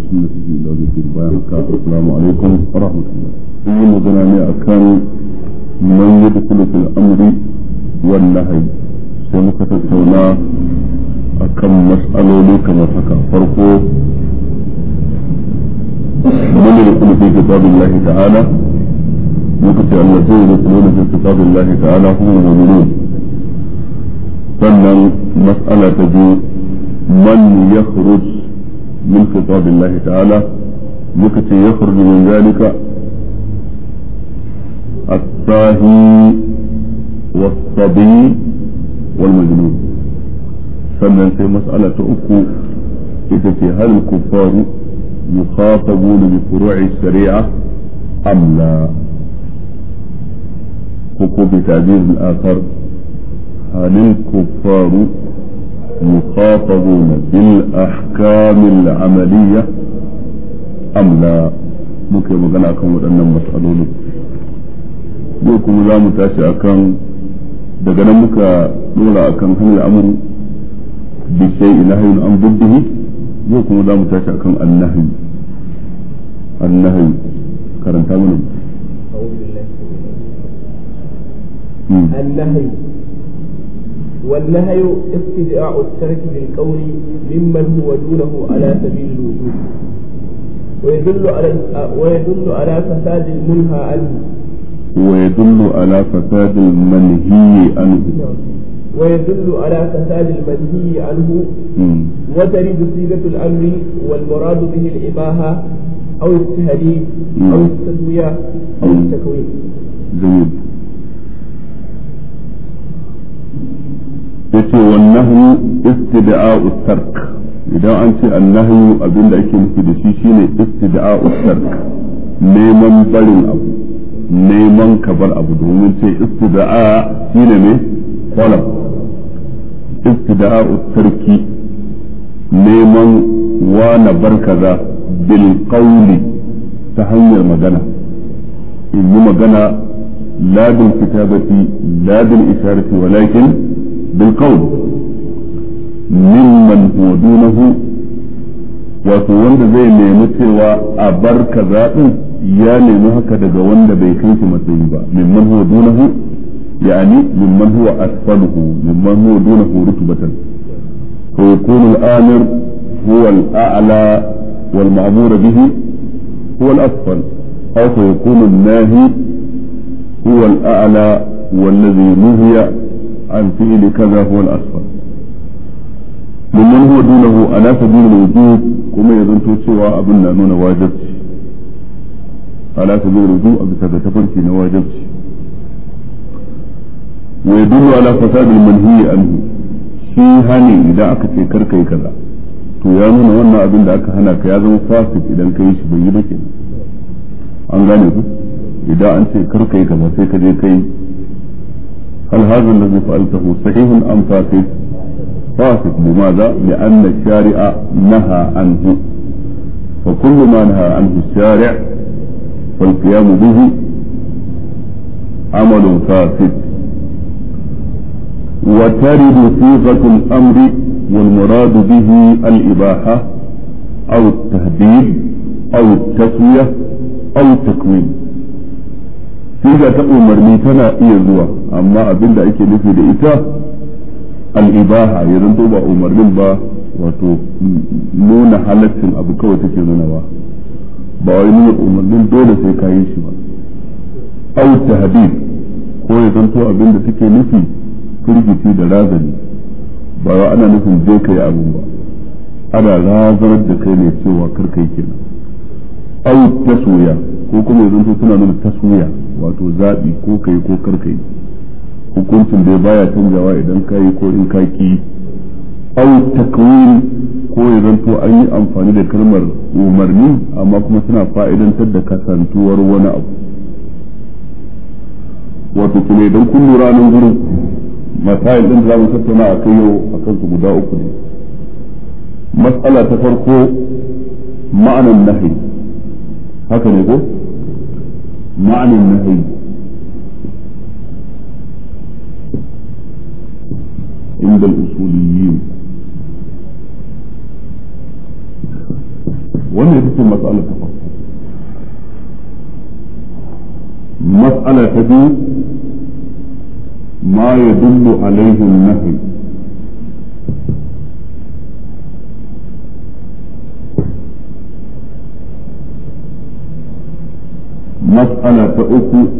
sunnati ila zikir bayan haka assalamu alaikum wa rahmatullah yi magana ne man fil amri sai muka tattauna mas'aloli kamar haka farko sannan masala ta biyu man ya من خطاب الله تعالى لكي يخرج من ذلك الطاهي والصبي والمجنون فمن في مسألة أخو إذا في هل الكفار يخاطبون بفروع الشريعة أم لا حقوق تعبير الآخر هل الكفار مخاطبون بالأحكام العملية أم لا muke magana akan waɗannan matsaloli yau kuma za mu tashi akan daga nan muka dora akan hanyar amur bishai ilahin an bubbihi yau kuma za mu tashi akan annahi annahi karanta mana النهي والنهي استدعاء الترك للكون ممن هو دونه على سبيل الوجود ويدل على ويدل على فساد المنهى عنه ويدل على فساد المنهي عنه ويدل على فساد المنهي عنه وترد صيغة الأمر والمراد به الإباحة أو التهديد أو التسوية أو التكوين جميل yace wannahu istida'u tark idan an ce annahu abinda ake nufi da shi shine istida'u tark neman barin abu neman kabar abu domin ce istida'a shine ne talab istida'u tarki neman wa na bar kaza bil qawli ta hanyar magana in yi magana ladin bil kitabati ladin bil isharati walakin بالقول mimman huwa dunahu wato wanda zai nemi cewa a bar kaza din ya nemi haka daga wanda bai kai shi matsayi ba mimman huwa dunahu yani mimman huwa asfaluhu mimman huwa dunahu rutbatan fa yakunu al-amir huwa al-a'la wal ma'mur bihi huwa al-asfal aw fa yakunu an-nahi huwa al-a'la والذي نهي عن فعل كذا هو الأسفل ممن هو دونه على سبيل الوجوب كما يظن سوى أبنى نون واجب على سبيل الوجوب أبي سبتفر في نواجب ويدل على فساد المنهي عنه shi hani idan aka ce kar kai kaza to ya nuna wannan abin da aka hana ka ya zama fasik idan ka yi shi bai yi ba kenan an gane ku idan an ce kar kai kaza sai ka je kai هل هذا الذي فعلته صحيح أم فاسد فاسد لماذا لأن الشارع نهى عنه فكل ما نهى عنه الشارع فالقيام به عمل فاسد وترد صيغة الأمر والمراد به الإباحة أو التهديد أو التسوية أو التكوين صيغة أمرني تنا إيه amma abin da ake nufi da ita al'ibaha ya zanto ba umarnin ba wato nuna halaccin abu kawai take nuna ba ba wai nuna umarnin dole sai ka yi shi ba au tahdid ko ya zanto abin da take nufi firgici da razani ba wa ana nufin je ka yi abu ba ana razanar da kai ne cewa kar kai kenan au taswiya ko kuma ya zanto suna nuna taswiya wato zaɓi ko kai ko kar kai hukuncin da baya canjawa idan ka yi ko in ka ki au takwin ko idan to an yi amfani da kalmar umarni amma kuma suna fa'idantar da kasantuwar wani abu wato kuma idan kun lura nan gurin masail din da za mu tattauna a kai yau a kansu guda uku ne matsala ta farko ma'anan nahi haka ne ko ma'anan nahi عند الأصوليين وانا يبقى مسألة تفصل مسألة تدو ما يدل عليه النهي مسألة أخرى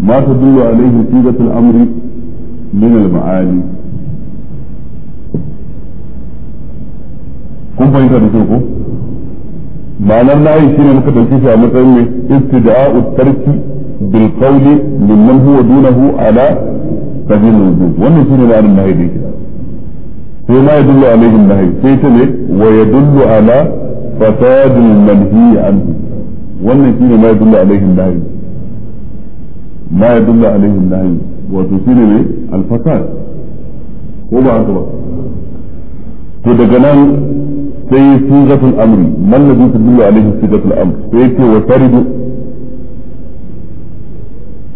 ما تدل عليه صيغة الأمر من المعاني kun fahimta da ko ma'anar nayi shi ne muka dauke shi a matsayin mai istida'u tarki bil qawli mimman huwa dunahu ala sabil wujub wannan shine ma'anar nayi da kira sai ma yadullu alaihi nahi sai ta ne wa yadullu ala fasadil wannan ma ya dulla alaihim nahi wato shi ne alfasad ko ba haka ba to daga nan sai sigatul amri man na ladhi tadullu alaihi sigatul amri sai yake wa taridu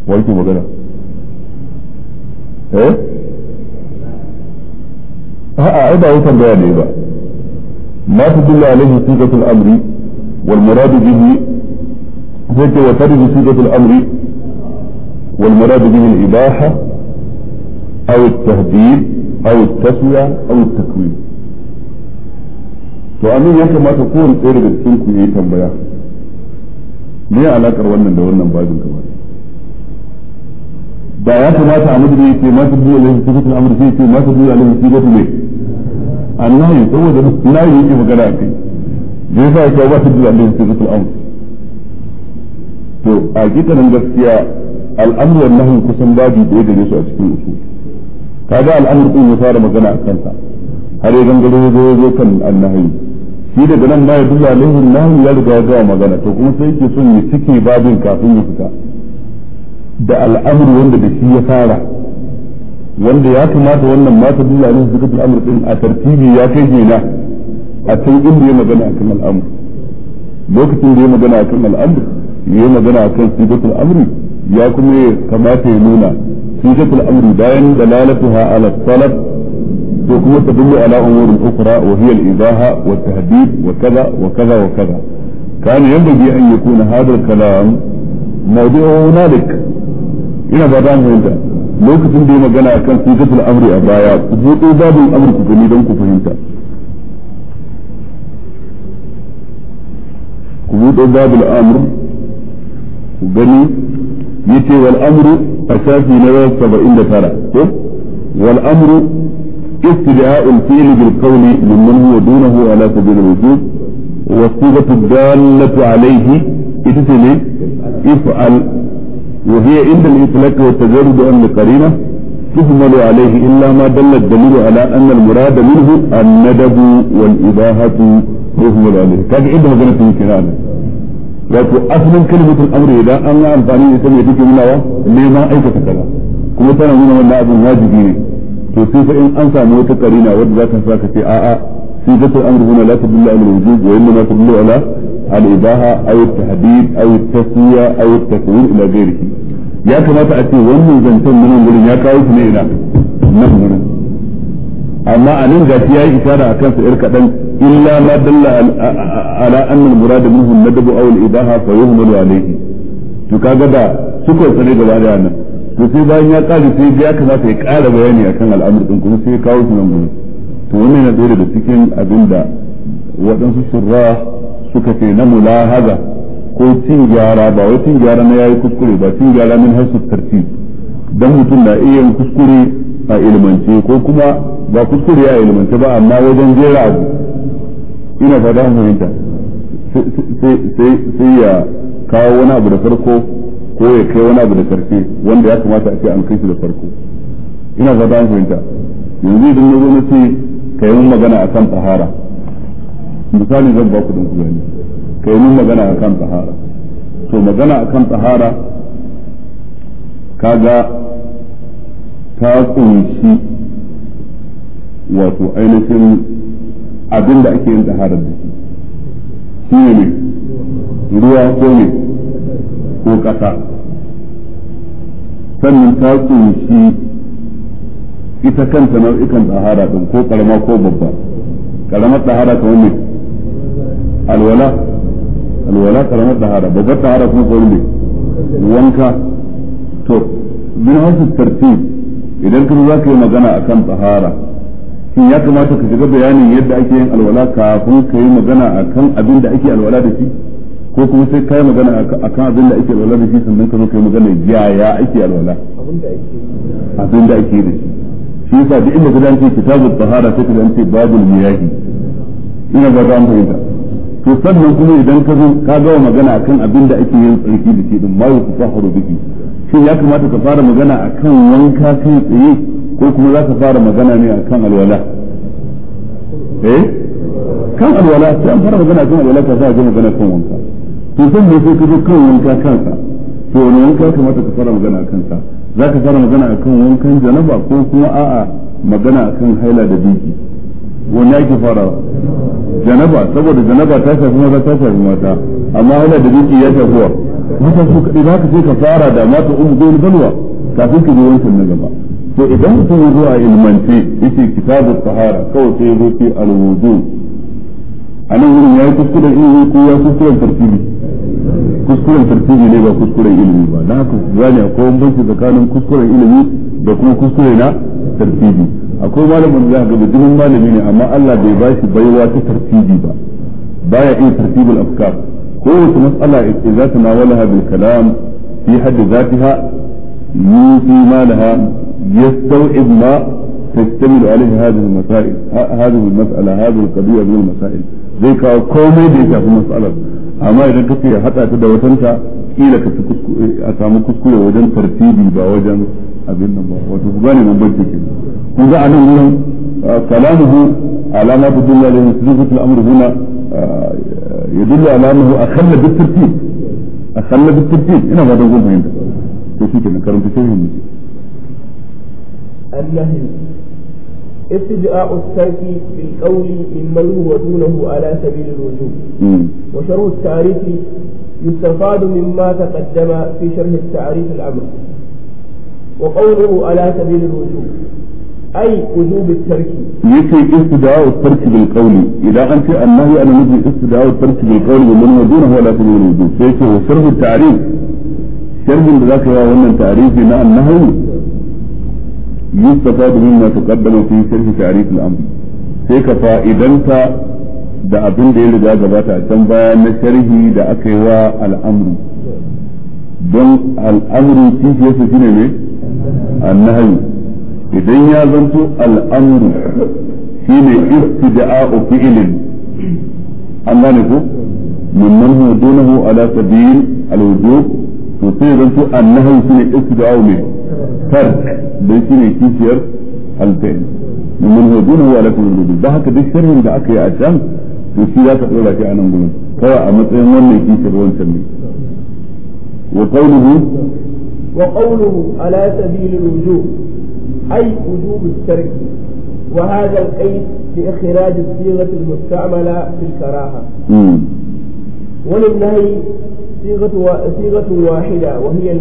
wa yake magana eh a'a ai ba wutan ne ba ma tadullu alaihi sigatul amri wal muradu bihi yake wa taridu sigatul amri والمراد به الإباحة أو التهديد أو التسوية أو التكوين to amin ya kamata kowane tsaye daga cikin ku yi tambaya me ya alakar wannan da wannan babin kamar da ya kamata a mutu ne ce masu biyu alaihi sifatul amr sai ce masu biyu alaihi sifatul ne annahi saboda nayi yake magana a kai da yasa ya kawo masu biyu alaihi sifatul amr to a gidanin gaskiya al'amru wal nahyi kusan babu da ya gare su a cikin usul kaga al'amru din ya fara magana a kanta har ya gangaro ya zo zo kan annahi shi daga nan ma ya duba alaihi nahi ya riga ya gawa magana to kuma sai yake son ya cike babin kafin ya fita da al'amru wanda da shi ya fara wanda ya kamata wannan mata ta duba alaihi zakatul amr din a tartibi ya kai gina a can inda ya magana akan al'amur lokacin da ya magana akan al'amru ya magana akan sifatul amri ya kuma kamata ya nuna sijatul al'amri bayan dalalatuha ala talab to kuma tadullu ala umurin ukhra wa hiya al-ibaha wa tahdid wa kaza wa kaza wa kaza كان ينبغي أن يكون هذا الكلام موضوع هنالك إلى بعدان هنا lokacin da ya magana a kan sigatul amri a baya ku buɗe babin amri ku gani don ku fahimta ku buɗe babin amri ku gani yace wal amru asasi na 79 ko wal استدعاء الفعل بالقول ممن هو دونه على سبيل الوجوب والصيغة الدالة عليه اتسلي افعل وهي عند الإطلاق والتجرد أن القرينة تهمل عليه إلا ما دل الدليل على أن المراد منه الندب والإباحة تهمل عليه كان عندها جنة كنانة wato asalin kalmatul amri idan an yi amfani da ita mai take nunawa neman aikata kaza kuma tana nuna wannan abin wajibi ne to sai fa in an samu wata karina wadda za ta saka ce a'a sai sifatul amri huna la tadullu ala al-wujub wa inma tadullu ala al-ibaha aw at-tahdid aw at-tasfiya aw at-takwir ila ghairihi ya kamata a ce wannan zancen nan gurin ya kawo shi ne ina nan gurin amma a nan gashi yayi isara akan sa irka dan. إلا ما دل على أن المراد منه الندب أو الإباحة فيهمل عليه تكاد دا سكر سنة جواري أنا sai bayan ya ƙara sai ya kamata ya kara bayani akan al'amur din kuma sai ya kawo shi nan gurin to wannan yana ɗaya cikin abin waɗansu shirra suka ce na mulahaza ko cin gyara ba wai cin gyara na yayi kuskure ba cin gyara min hasu tartib dan mutum na iya kuskure a ilimance ko kuma ba kuskure a ilmance ba amma wajen jera abu ina fada an fahimta sai ya kawo wani abu da farko ko ya kai wani abu da karfe wanda ya kamata a ce an kai shi da farko ina fada an fahimta yanzu idan na zo na ce ka yi magana a kan tsahara misali zan ba ku don ku gani ka yi magana a kan tsahara to magana a kan tsahara kaga ta kunshi wato ainihin abin da ake yin taharar da shi shi ne ruwa ko ne ko ƙasa sannan ta kunshi ita kanta nau'ikan tsahara ɗin ko ƙarama ko babba ƙaramar tsahara ta wani alwala alwala ƙaramar tsahara babbar tsahara kuma ko ne wanka to bin hausa tartib idan kuma za ka yi magana akan tsahara shin ya kamata ka shiga bayanin yadda ake yin alwala kafin ka yi magana a kan abin da ake alwala da shi ko kuma sai ka yi magana a kan abin da ake alwala da shi sannan ka zo ka yi magana yaya ake alwala abin da ake da shi shi yasa duk inda gudan ce kitabul bahara sai ka ce babul miyahi ina ba za mu fahimta to sannan kuma idan ka zo ka gawa magana kan abin da ake yin tsarki da shi din ma da shi shin ya kamata ka fara magana a kan wanka kai tsaye ko kuma za ka fara magana ne a kan alwala eh kan alwala sai an fara magana kan alwala ka sa a ji magana kan wanka to san ne sai ka zo kan wanka kansa to wani wanka kamata ka fara magana kan sa za ka fara magana akan wankan janaba ko kuma a'a magana akan haila da biki wani ake fara janaba saboda janaba ta shafi maza ta shafi mata amma haila da biki ya shafi wa mata su kaɗai za ka sai ka fara da mata umu zai balwa kafin ka je wancan na gaba to idan mutum ya zo a ilmance yake kitabu sahara kawai sai ya zo fi alwudu a nan wurin ya yi kuskuren ilimi ko ya kuskuren tartibi kuskuren tartibi ne ba kuskuren ilimi ba na haka gane akwai banki tsakanin kuskuren ilimi da kuma kuskure na tartibi akwai malamin da ga bijimin malami ne amma Allah bai ba shi baiwa ta tartibi ba baya iya tartibul afkar kowace mas'ala idza tanawalaha bil kalam fi hadd zatiha yufi malaha يستوعب ما تشتمل عليه هذه المسائل هذه المسألة هذه القضية من المسائل ذيك أو كومي ذيك في المسألة أما إذا كنت حتى تدعو تنسى إلى أسامو كسكو وجن ترتيبي بوجن أبين الله وتفقاني من بيت كيف كذا أنا آه، كلامه على ما تدل عليه سلوكة الأمر هنا آه، يدل على أنه أخل بالترتيب أخل بالترتيب هنا ما تقول ما عندك تشيك أنا كرمت شيء النهي استجاء الترك بالقول ممن هو دونه على سبيل الوجوب وشرح التعريف يستفاد مما تقدم في شرح التعريف الأمر وقوله على سبيل الوجوب أي وجوب الترك يكفي استدعاء الترك بالقول إذا أنت النهي أنا نجي استدعاء الترك بالقول ومن هو دونه ولا سبيل الوجوب فيكي وشرح التعريف شرح ذاك هو أن التعريف بناء النهي yustafadu mimma taqaddama fi sharhi ta'rif al-amr sai ka fa'idanta da abinda ya riga gabata a can baya na sharhi da aka yi wa al'amru don al'amru kishiyarsa shine ne annahayu idan ya zanto al'amru shine istida'u fi'lin an gane ko mimman huwa ala ترك بيتي كيشير الفين ومن هو لكم الوجود ده هكا دي شرهم ده اكي عشان وشي لا تقول لك انا نقول سواء مثلا إيه وين كيشير وين سمي وقوله وقوله على سبيل الوجوب اي وجوب الترك وهذا القيد لإخراج الصيغة المستعملة في الكراهة وللنهي صيغة صيغة واحدة وهي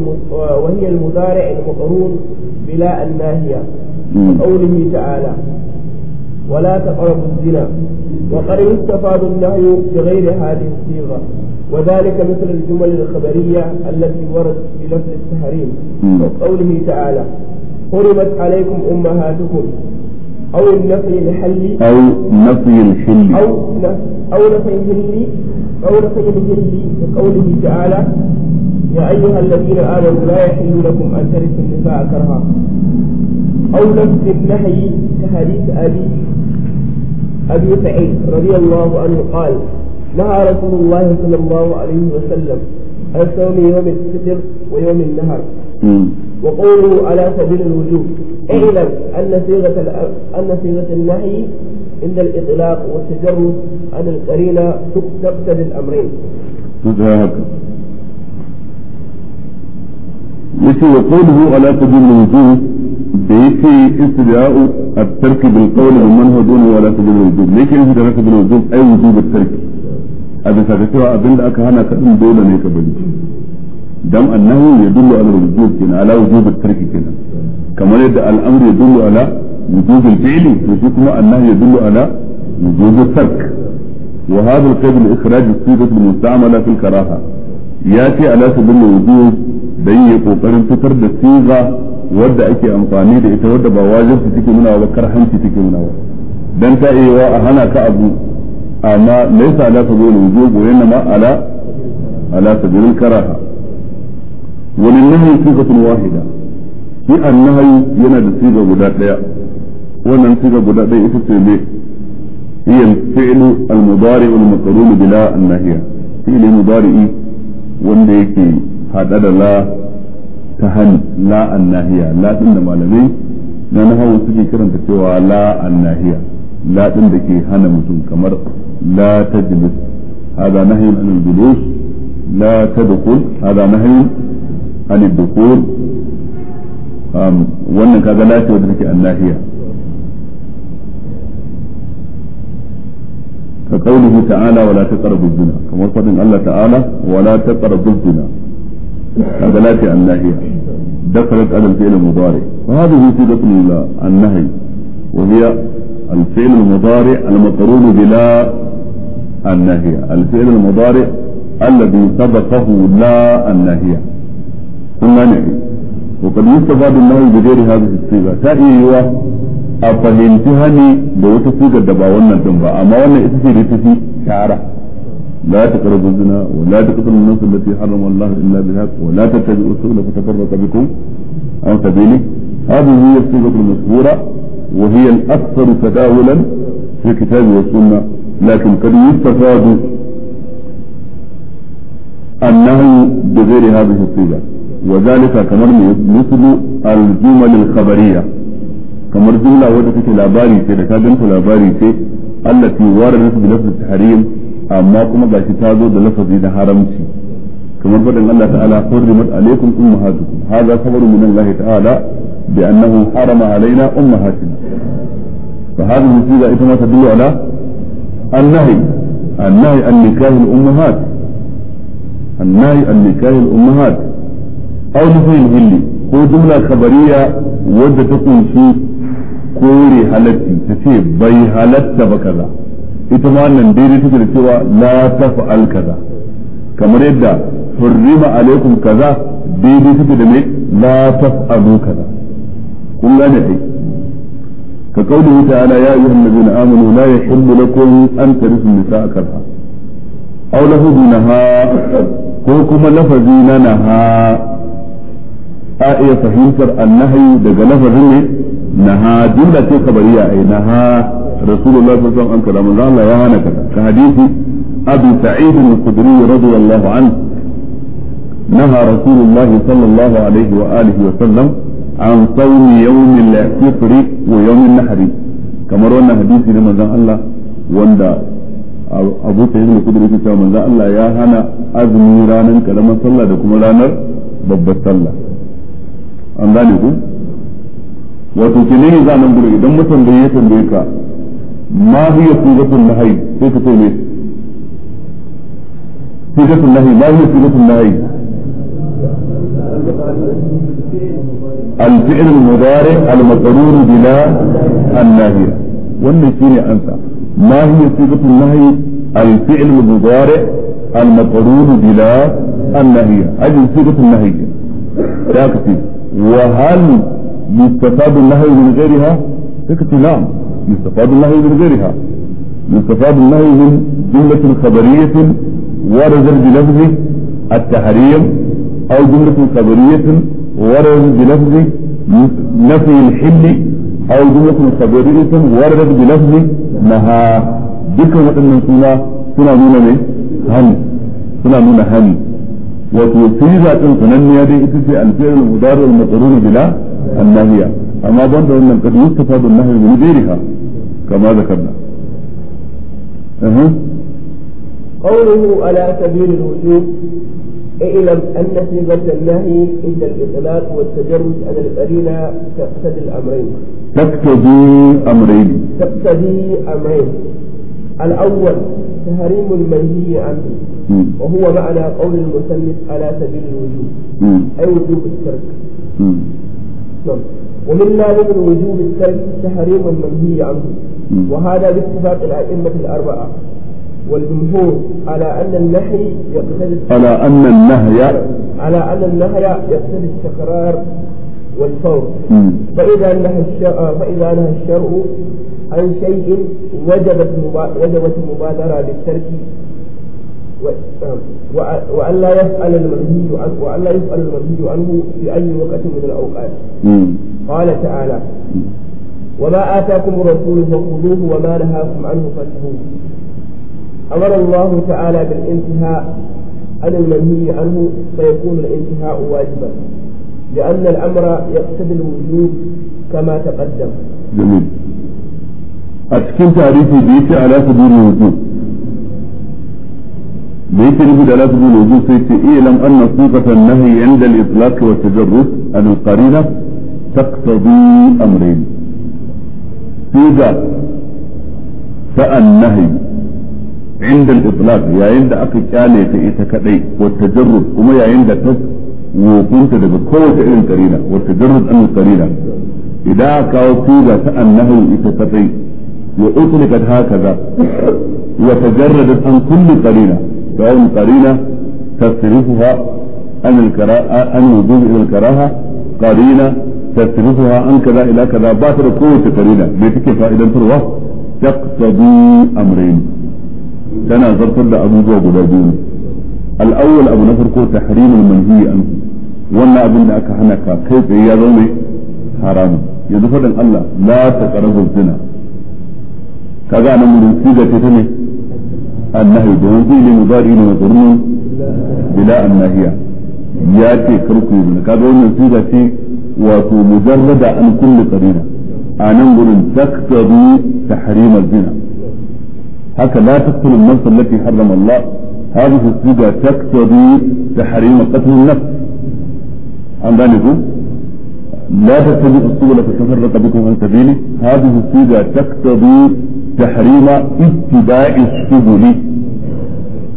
وهي المضارع المقرون بلا الناهية قوله تعالى ولا تقربوا الزنا وقد يستفاد النهي بغير هذه الصيغة وذلك مثل الجمل الخبرية التي وردت لفظ التحريم وقوله تعالى حرمت عليكم أمهاتكم أو النفي الحلي أو نفي الحلي أو نفي الحلي قولكم بجلدي كقوله تعالى يا أيها الذين آمنوا لا يحل لكم أن ترثوا النساء كرها أو نفس النهي كحديث أبي أبي سعيد رضي الله عنه قال نهى رسول الله صلى الله عليه وسلم عن صوم يوم الفطر ويوم النهر وقوله على سبيل الوجوب اعلم أن صيغة أن صيغة النهي إن الإطلاق والتجرد عن القرينة تقتضي الأمرين. yace wa qawluhu ala tadil wujuh da yake istida'u at-tark bil qawl wa man hadun wa la tadil wujuh me yake da raka bil wujuh ai wujub at-tark a bisa cewa abinda aka hana ka din dole ne ka bari dan annahu yadullu ala kamar yadda ala وجوب الفعل وشكما أنه يدل على وجوب الترك وهذا القيد لإخراج الصيغة المستعملة في الكراهة يأتي على سبيل الوجوب dan ya kokarin fitar da siga wadda ake amfani da ita wadda ba wajibci take nuna ba karhanci take nuna ba dan ta iya a hana ka abu amma laisa ala sabil wujub wa inma ala ala sabil karaha wa lin nahyi sigatun wahida shi an yana da siga guda daya wannan siga guda ɗaya ita ce ne hiyar fi'lu al-mudari wal maqrun bila an-nahiya fi'lu mudari wanda yake hada da la ta han la an-nahiya da malamai na nahawu suke karanta cewa la an-nahiya da ke hana mutum kamar la tajlis hada nahyi al-julus la tadkhul hada nahyi al-dukhul wannan ka ga da take an-nahiya كقوله تعالى ولا تقربوا الزنا كما قال الله تعالى ولا تقربوا الزنا هذا لا في الناهية دخلت على الفعل المضارع وهذه صيغة النهي وهي الفعل المضارع المقرون بلا النهي الفعل المضارع الذي سبقه لا النهي ثم نهي وقد يستفاد النهي بغير هذه الصيغة تأيي a fahimci hani da wata sigar da ba wannan din ba amma wannan ita ce da ta fi shara لا تقربوا الزنا ولا تقتلوا النفس التي حرم الله الا بالحق ولا تتبعوا السبل فتفرق بكم عن سبيله هذه هي الصيغه المشهوره وهي الاكثر تداولا في الكتاب والسنه لكن قد يستفاد النهي بغير هذه الصيغه وذلك كمر مثل الجمل الخبريه kamar jumla wadda take labari ce da ka ganta labari ce allati waradat bi lafzi tahrim amma kuma gashi ta zo da lafzi da haramci kamar faɗin Allah ta'ala hurrimat alaikum ummahatukum hadha khabaru min Allah ta'ala bi annahu harama alaina ummahatina fa hadhihi siga ita ma tadullu ala annahi annahi an nikahu al ummahat annahi an nikahu al ummahat aw nufin hilli ko jumla khabariya wadda ta kunshi kore halatti ta ce bai halatta ba kaza ita ma nan daidai take da cewa la al kaza kamar yadda hurrima alaikum kaza daidai take da mai la taf'alu kaza kun gane ai ka wuta ta'ala ya ayyuhan nabiyina amanu la yahillu lakum an tarisu nisaa karha aw lahu naha ko kuma lafazi na naha a iya fahimtar annahi daga lafazin ne naha da ce kabariya ai naha rasulullahi sallallahu alaihi wasallam an kaza manzo Allah ya hana kaza ka hadisi abi sa'id al-khudri radiyallahu anhu naha rasulullahi sallallahu alaihi wa alihi wa sallam an sawmi yawm al-fitr wa yawm an-nahr kamar wannan hadisi ne manzon Allah wanda abu sa'id al-khudri da ce manzon Allah ya hana azumi ranar karamar sallah da kuma ranar babbar sallah an gane ku wato ke ne za nan gurin idan mutum da ya tambaye ka ma hiya sigatul nahyi sai ka ce me sigatul nahyi ma hiya sigatul nahyi الفعل المضارع المقرور بلا الناهية والنسين أنسى ما هي صيغة النهي الفعل المضارع المقرور بلا الناهية أجل صيغة النهي ذاك وهل يستفاد النهي من غيرها فكرة نعم يستفاد النهي من غيرها يستفاد النهي من جملة خبرية ورد بلفظ التحريم أو جملة خبرية ورد بلفظ نفي الحل أو جملة خبرية وردت بلفظ نهى ذكر وأن سنة سنة من هم سنة من هم وتوصيل ذات الفنانية دي الفعل المضارع المقرون بلا الناهية أما بند أن قد يستفاد النهي من غيرها كما ذكرنا أه. قوله على سبيل الوجوب اعلم أن صيغة النهي عند الإطلاق والتجرد على القرينة تقتضي الأمرين تقتضي أمرين تقتضي أمرين الأول تحريم المنهي عنه وهو معنى قول المسلم على سبيل الوجوب أي وجوب الترك نعم ومما يمنع وجوب الترك تحريم المنهي عنه وهذا باتفاق الأئمة الأربعة والجمهور على أن النهي يقتضي على أن النهي على أن النهي يقتضي التكرار والفور فإذا نهى الشرع آه، فإذا نهى الشرع عن شيء وجبت وجبت المبادرة للترك وأن لا يسأل المنهي عنه وأن لا يسأل المرجي عنه في أي وقت من الأوقات. قال تعالى: وما آتاكم الرسول فخذوه وما نهاكم عنه فانتهوا. أمر الله تعالى بالانتهاء عن المنهي عنه فيكون الانتهاء واجبا لأن الأمر يقتضي الوجوب كما تقدم. جميل. أتكلم تعريفي بيتي على سبيل الوجوب. ليس لابد لا تقول وجود سيتي اعلم إيه ان صيغه النهي عند الاطلاق والتجرد عن القرينه تقتضي امرين صيغه فالنهي عند الاطلاق يا عند اكي كاله ita kadai والتجرد kuma yayin da ta wofinta daga kowace irin karina والتجرد عن القرينه اذا كاو صيغه فالنهي ita kadai وأطلقت هكذا وتجردت عن كل قرينه سواء قرينة تصرفها عن الكراهة عن الوجوب إلى الكراهة قرينة تصرفها عن كذا إلى كذا باطل قوة قرينة بيتك فائدة تروى تقتضي أمرين تنا زرتر أبو جوب الأول أبو نفر قوة تحريم المنهي عنه wannan أبو لك aka كيف هي kai حرام يدفع الله لا haramun الزنا كذا Allah la ta ƙarabu annahi domin fi'ili mudari ne mazrun bila annahiya ya ce kar ku yi kaga wannan siga ce wato mujarrada an kulli qarina anan gurin taktabi tahrim al-zina haka la taqtul an-nafs allati harrama Allah hadhihi siga taktabi tahrim qatl an-nafs an gane ku لا تتبعوا السبل فتفرق بكم عن سبيله هذه الصيغه تقتضي تحريم اتباع السبل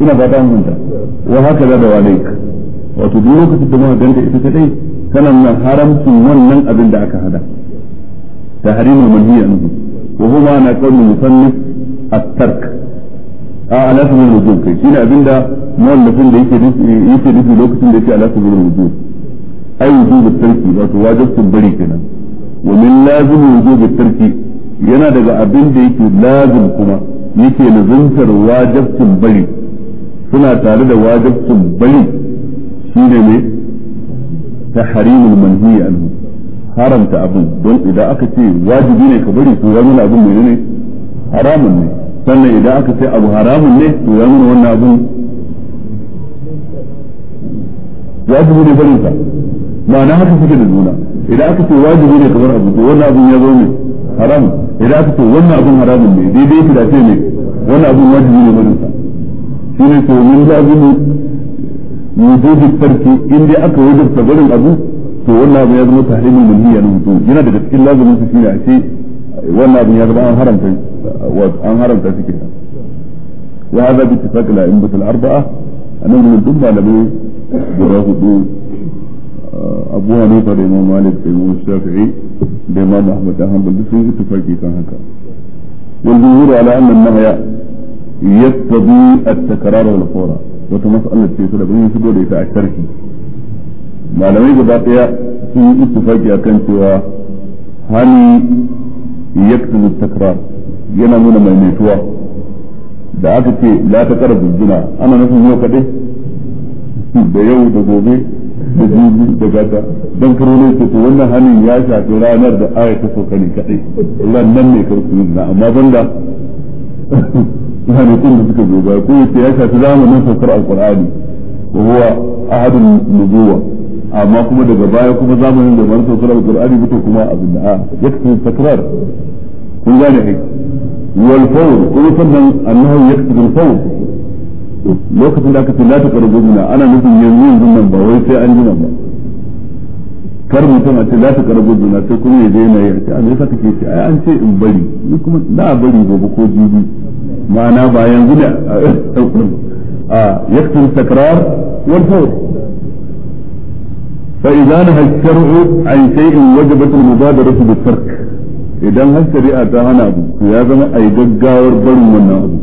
ina ba ta hunta wa haka da da walaik wato duk lokacin da mun danka ita kadai sanan nan haramcin wannan abin da aka hada tahrimu manhiya anhu wa huwa na qawlu musannif at-tark a alafu min wujub kai shine abinda mawallafin da yake yake nufi lokacin da yake alafu min wujub ai wujub at-tarki wato wajibin bari kenan wa min lazim wujub at-tarki yana daga abin da yake lazim kuma yake lazimtar wajabcin bari suna tare da wajabcin bari shine ne tahrimul manhiya anhu haramta abin don idan aka ce wajibi ne ka bari to ya nuna abin mai ne haramun ne sannan idan aka ce abu haramun ne to ya nuna wannan abin wajibi ne barinsa ma'ana haka suke da juna idan aka ce wajibi ne kamar abu to wannan abin ya zo ne haram idan aka ce wannan abun haramun ne daidai ki da ce ne wannan abin wajibi ne wurin sa shine to min lazimi wujud tarki in dai aka wajibta barin abu to wannan abin ya zama tahrimul manhiya na wujud yana daga cikin lazimin su shine a ce wannan abun ya zama an haramta an haramta shi kenan وهذا باتفاق الأئمة الأربعة أنهم من ضمن guda يجراه abu hanifa da imam malik da imam shafi'i da imam ahmad da hanbal duk sun yi tafaki kan haka wal jumhur ala anna an-nahya yattabi at-takrar wal fawra wata mas'alar ce da bin shigo da ita a sharhi malamai gaba daya sun yi a akan cewa hani yaktubu at-takrar yana nuna maimaituwa da aka ce la ta zina ana nufin yau kadai da yau da gobe da jibi da gata dan karo ne ce to wannan hannun ya shafi ranar da aya ta sauka ne kadai wannan ne karkunin na amma banda ranakun da suka zo baya ko yace ya shafi zamanin saukar alqur'ani wa huwa ahadun nubuwa amma kuma daga baya kuma zamanin da ban saukar alqur'ani muke kuma abin da a yakfi takrar kun gane ai wal fawr kuma sannan annahu yakfi al fawr lokacin da aka ce lati karbi zina ana nufin yanzu yanzu nan ba wai sai an gina ba kar mutum a ce lati karbi zina sai kuma ya daina ya ce ne saka ke ce ai an ce in bari ni kuma na bari gobe ko jibi ma'ana ba yanzu da a yaktun takrar wal fawr fa idza nahal shar'u an shay'in wajibat al mubadaratu bi tark idan hankali a da hana abu to ya zama a yi gaggawar barin wannan abu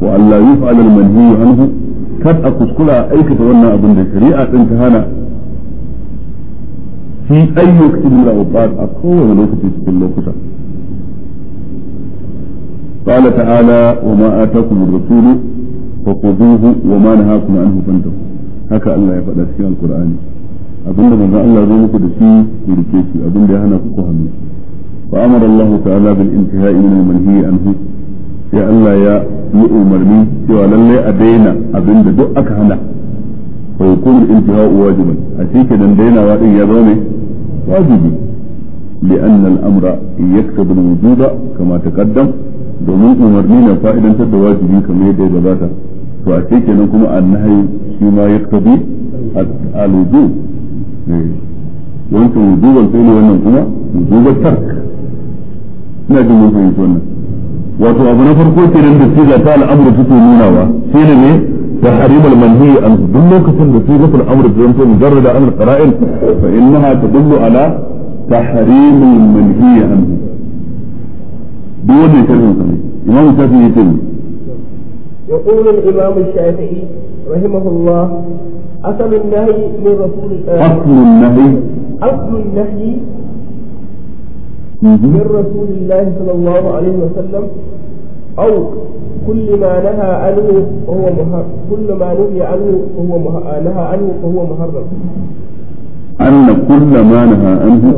wa allah yi yuf'al al manhi anhu kad a kuskura aikata wannan abin da shari'a din ta hana fi ayyuka min al-awqat a kowane lokaci cikin lokuta ta'ala wa قال تعالى وما آتاكم الرسول فخذوه وما نهاكم عنه فانتهوا هكا الله يفعل في القرآن abinda manzo Allah zo muku da shi ku rike shi abinda ya hana ku ku hannu fa amara Allah ta'ala bil intihai min al manhi anhu sai Allah ya yi umarni cewa lallai a daina abin da duk aka hana fa yakunu intihau wajiban a cikin dainawa din ya zo ne wajibi li لأن الأمر يكتب الوجوب kama taqaddam domin umarni na fa'idantar da wajibi kamar yadda ya gabata to a cikin nan kuma annahi shi ma ya al-wujub wannan wujuban sai ne wannan kuma wujubar tark ina jin mun fahimci wannan wato abu na farko kenan da siga ta al'amuru take nunawa shine ne تحريم المنهي عنه دون لوكسن da في غفل الامر بينته مجرد عن القرائن فانها تدل على تحريم المنهي عنه دون يكلم صحيح امام الشافعي يتم يقول الامام الشافعي رحمه الله اصل النهي من رسول الله اصل النهي اصل النهي من رسول الله صلى الله عليه وسلم أو كل ما نهى عنه فهو محرم كل ما نهي عنه فهو مح... نهى عنه فهو محرم أن كل ما نهى عنه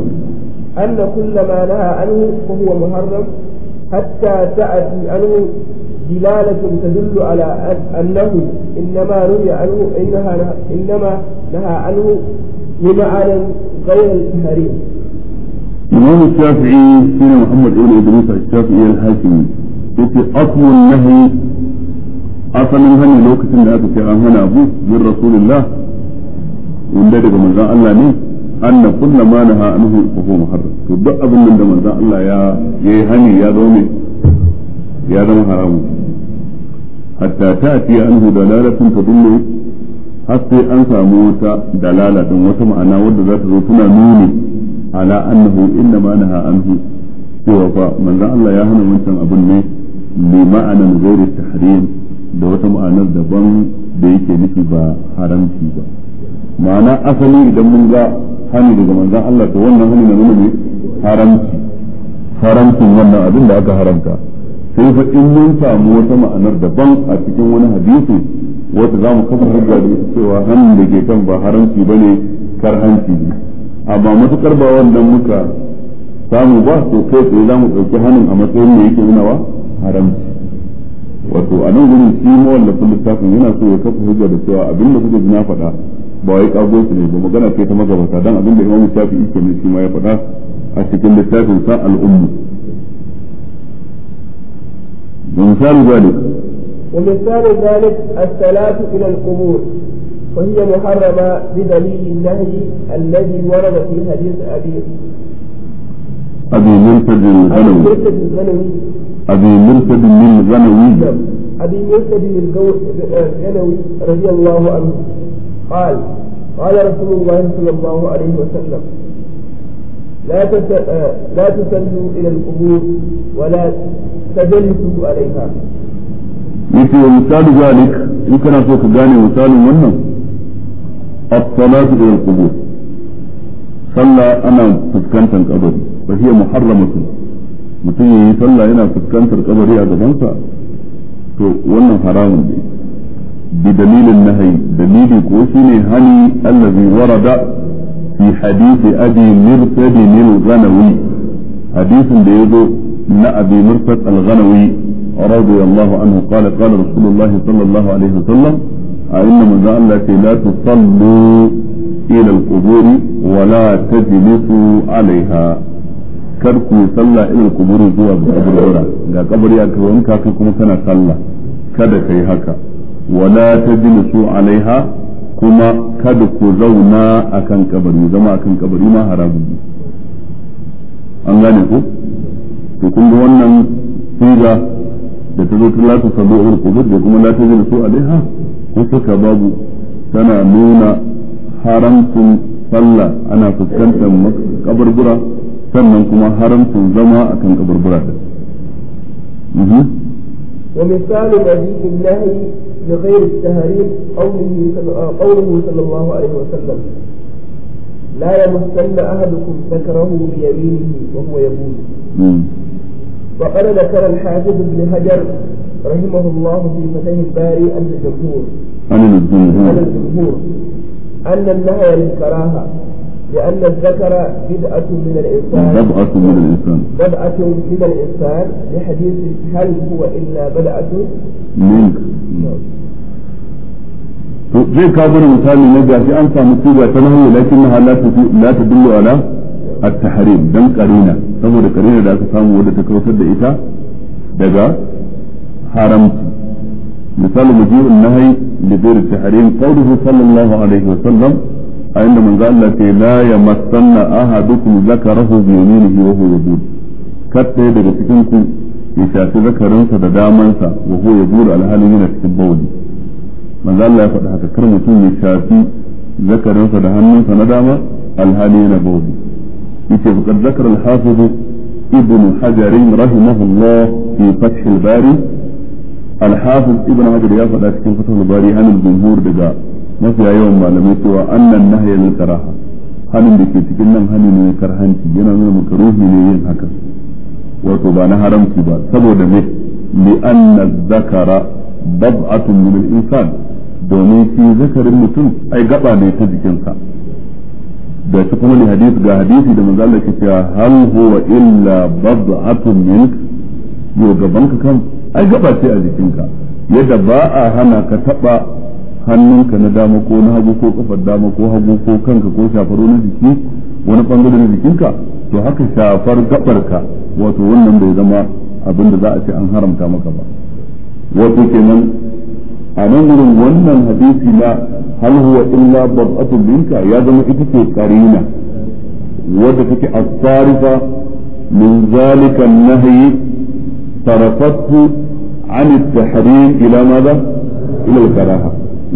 أن كل ما نهى عنه فهو محرم حتى تأتي عنه دلالة تدل على أنه إنما نهي عنه إنها إنما نهى عنه لمعنى غير التحريم إمام الشافعي سيدنا محمد بن إدريس الشافعي الهاشمي يأتي أصل النهي أصل النهي لو كنت لا تتعامل أبوه من رسول الله إن ذلك من الله ليه anna kullu ma naha anhu fa to duk abin da manzon Allah ya yayi hani ya zo ne ya zama haramu hatta ta'ti anhu dalalatun tadullu har sai an samu wata dalala don wata ma'ana wadda za ta zo tana nuni ala annahu inna ma naha anhu cewa fa manzon Allah ya hana wancan abun ne li ma'anan ghairi tahrim da wata ma'anar daban da yake nufi ba haramci ba ma'ana asali idan mun ga hani daga manzon Allah to wannan hani na nuna ne haramci haramcin wannan abin da aka haramta sai fa in mun samu wata ma'anar daban a cikin wani hadisi wata za mu kafa buga da cewa hannun da ke kan ba haramci bane karhanci ne amma matukar ba wannan muka samu ba to kai tsaye za mu ɗauki hannun a matsayin da yake wa haramci wato a nan gurin shi mawallafin littafin yana so ya kafa hujja da cewa abin da kuka ji na faɗa ba wai kago su ne ba magana ce ta magabata dan abin da imamu shafi ike ne shi ma ya faɗa a cikin littafin sa al'ummu ومثال ذلك ومثال ذلك الثلاث إلى القبور وهي محرمة بدليل النهي الذي ورد في حديث أبي أبي مرتد الغنوي أبي مرتد الغنوي أبي مرتد الغنوي نعم. رضي الله عنه قال قال رسول الله صلى الله عليه وسلم لا آه، لا تسلوا إلى القبور ولا تجلسوا عليها. مثل مثال ذلك يمكن إن تكون مثال منه الصلاة إلى القبور صلى أنا فسكنت القبر فهي mutum ya yi sallah yana fuskantar kabari a gabansa to wannan haramun ne bi dalilin nahayi dalili ko shine hani allazi warada fi hadisi abi mirfad al-ghanawi hadisin da yazo na abi mirfad al-ghanawi radiyallahu anhu qala qala rasulullahi sallallahu alaihi wasallam a inda manzo Allah ce la tusallu ila al-qubur wa la tajlisu alaiha kar ku sallah ila al-qubur zuwa ga kaburbura ga kabari aka wanka kai kuma kana sallah kada kai haka wa la tajlisu alaiha kuma kada ku zauna akan kabari zama akan kabari ma haramun an gane ku to kun ga wannan siga da ta zo ta latu sabu'ul qubur da kuma la tajlisu alaiha ko babu tana nuna haramcin sallah ana fuskantar kaburbura sannan kuma haramcin zama a kan kaburbura din ومثال مزيد النهي بغير التهريب قوله صلى الله عليه وسلم لا يمسن احدكم ذكره بيمينه وهو يبول وقد ذكر الحافظ ابن حجر رحمه الله في فتح الباري عن الجمهور عن الجمهور عن الجمهور أن النهي للكراهة لأن الذكر بدعة من الإنسان بدعة من الإنسان بدعة من الإنسان لحديث هل هو إلا بدعة منك to zai kawo mana misali na gashi an samu siga ta nahu lakinnaha la ala at dan karina saboda karina da aka samu wadda ta kautar da ita daga haramci misal mujibun nahi li ghayr at-tahrim qawluhu sallallahu alaihi wa sallam عند من قال لك لا يمسن أحدكم ذكره بيمينه وهو يبول كتى دقتكم ya shafi zakarinsa da damansa wa ko ya buru alhalin yana cikin bawli manzo ya faɗa haka mutum ya shafi zakarinsa da hannunsa na dama alhali yana yace qad zakara al-hafiz ibn hajar rahimahullah fi fath al-bari al-hafiz ibn ya faɗa cikin fath al-bari an al-jumhur daga mafiya yawan malamai cewa annan nahya lil karaha hanin da ke cikin nan hani ne karhanci yana nuna makaruhi ne yin haka wato ba na haramci ba saboda me li anna zakara bab'atun min al-insan domin shi zakarin mutum ai gaba ne ta jikinsa da shi kuma ne hadisi ga hadisi da manzo Allah ke cewa hal huwa illa bad'atun mink yo gaban ka kan ai gaba ce a jikinka yadda ba a hana ka taba hannunka na dama ko na hagu ko kafar dama ko hagu ko kanka ko shafaro na jiki wani bangare na jikinka to haka shafar gabarka wato wannan bai zama abin da za a ce an haramta maka ba wato kenan a nan gurin wannan hadisi na hal huwa illa bar'atu minka ya zama ita ce karina wadda take asarifa min zalika nahyi tarafattu عن التحريم إلى ماذا؟ إلى الكراهة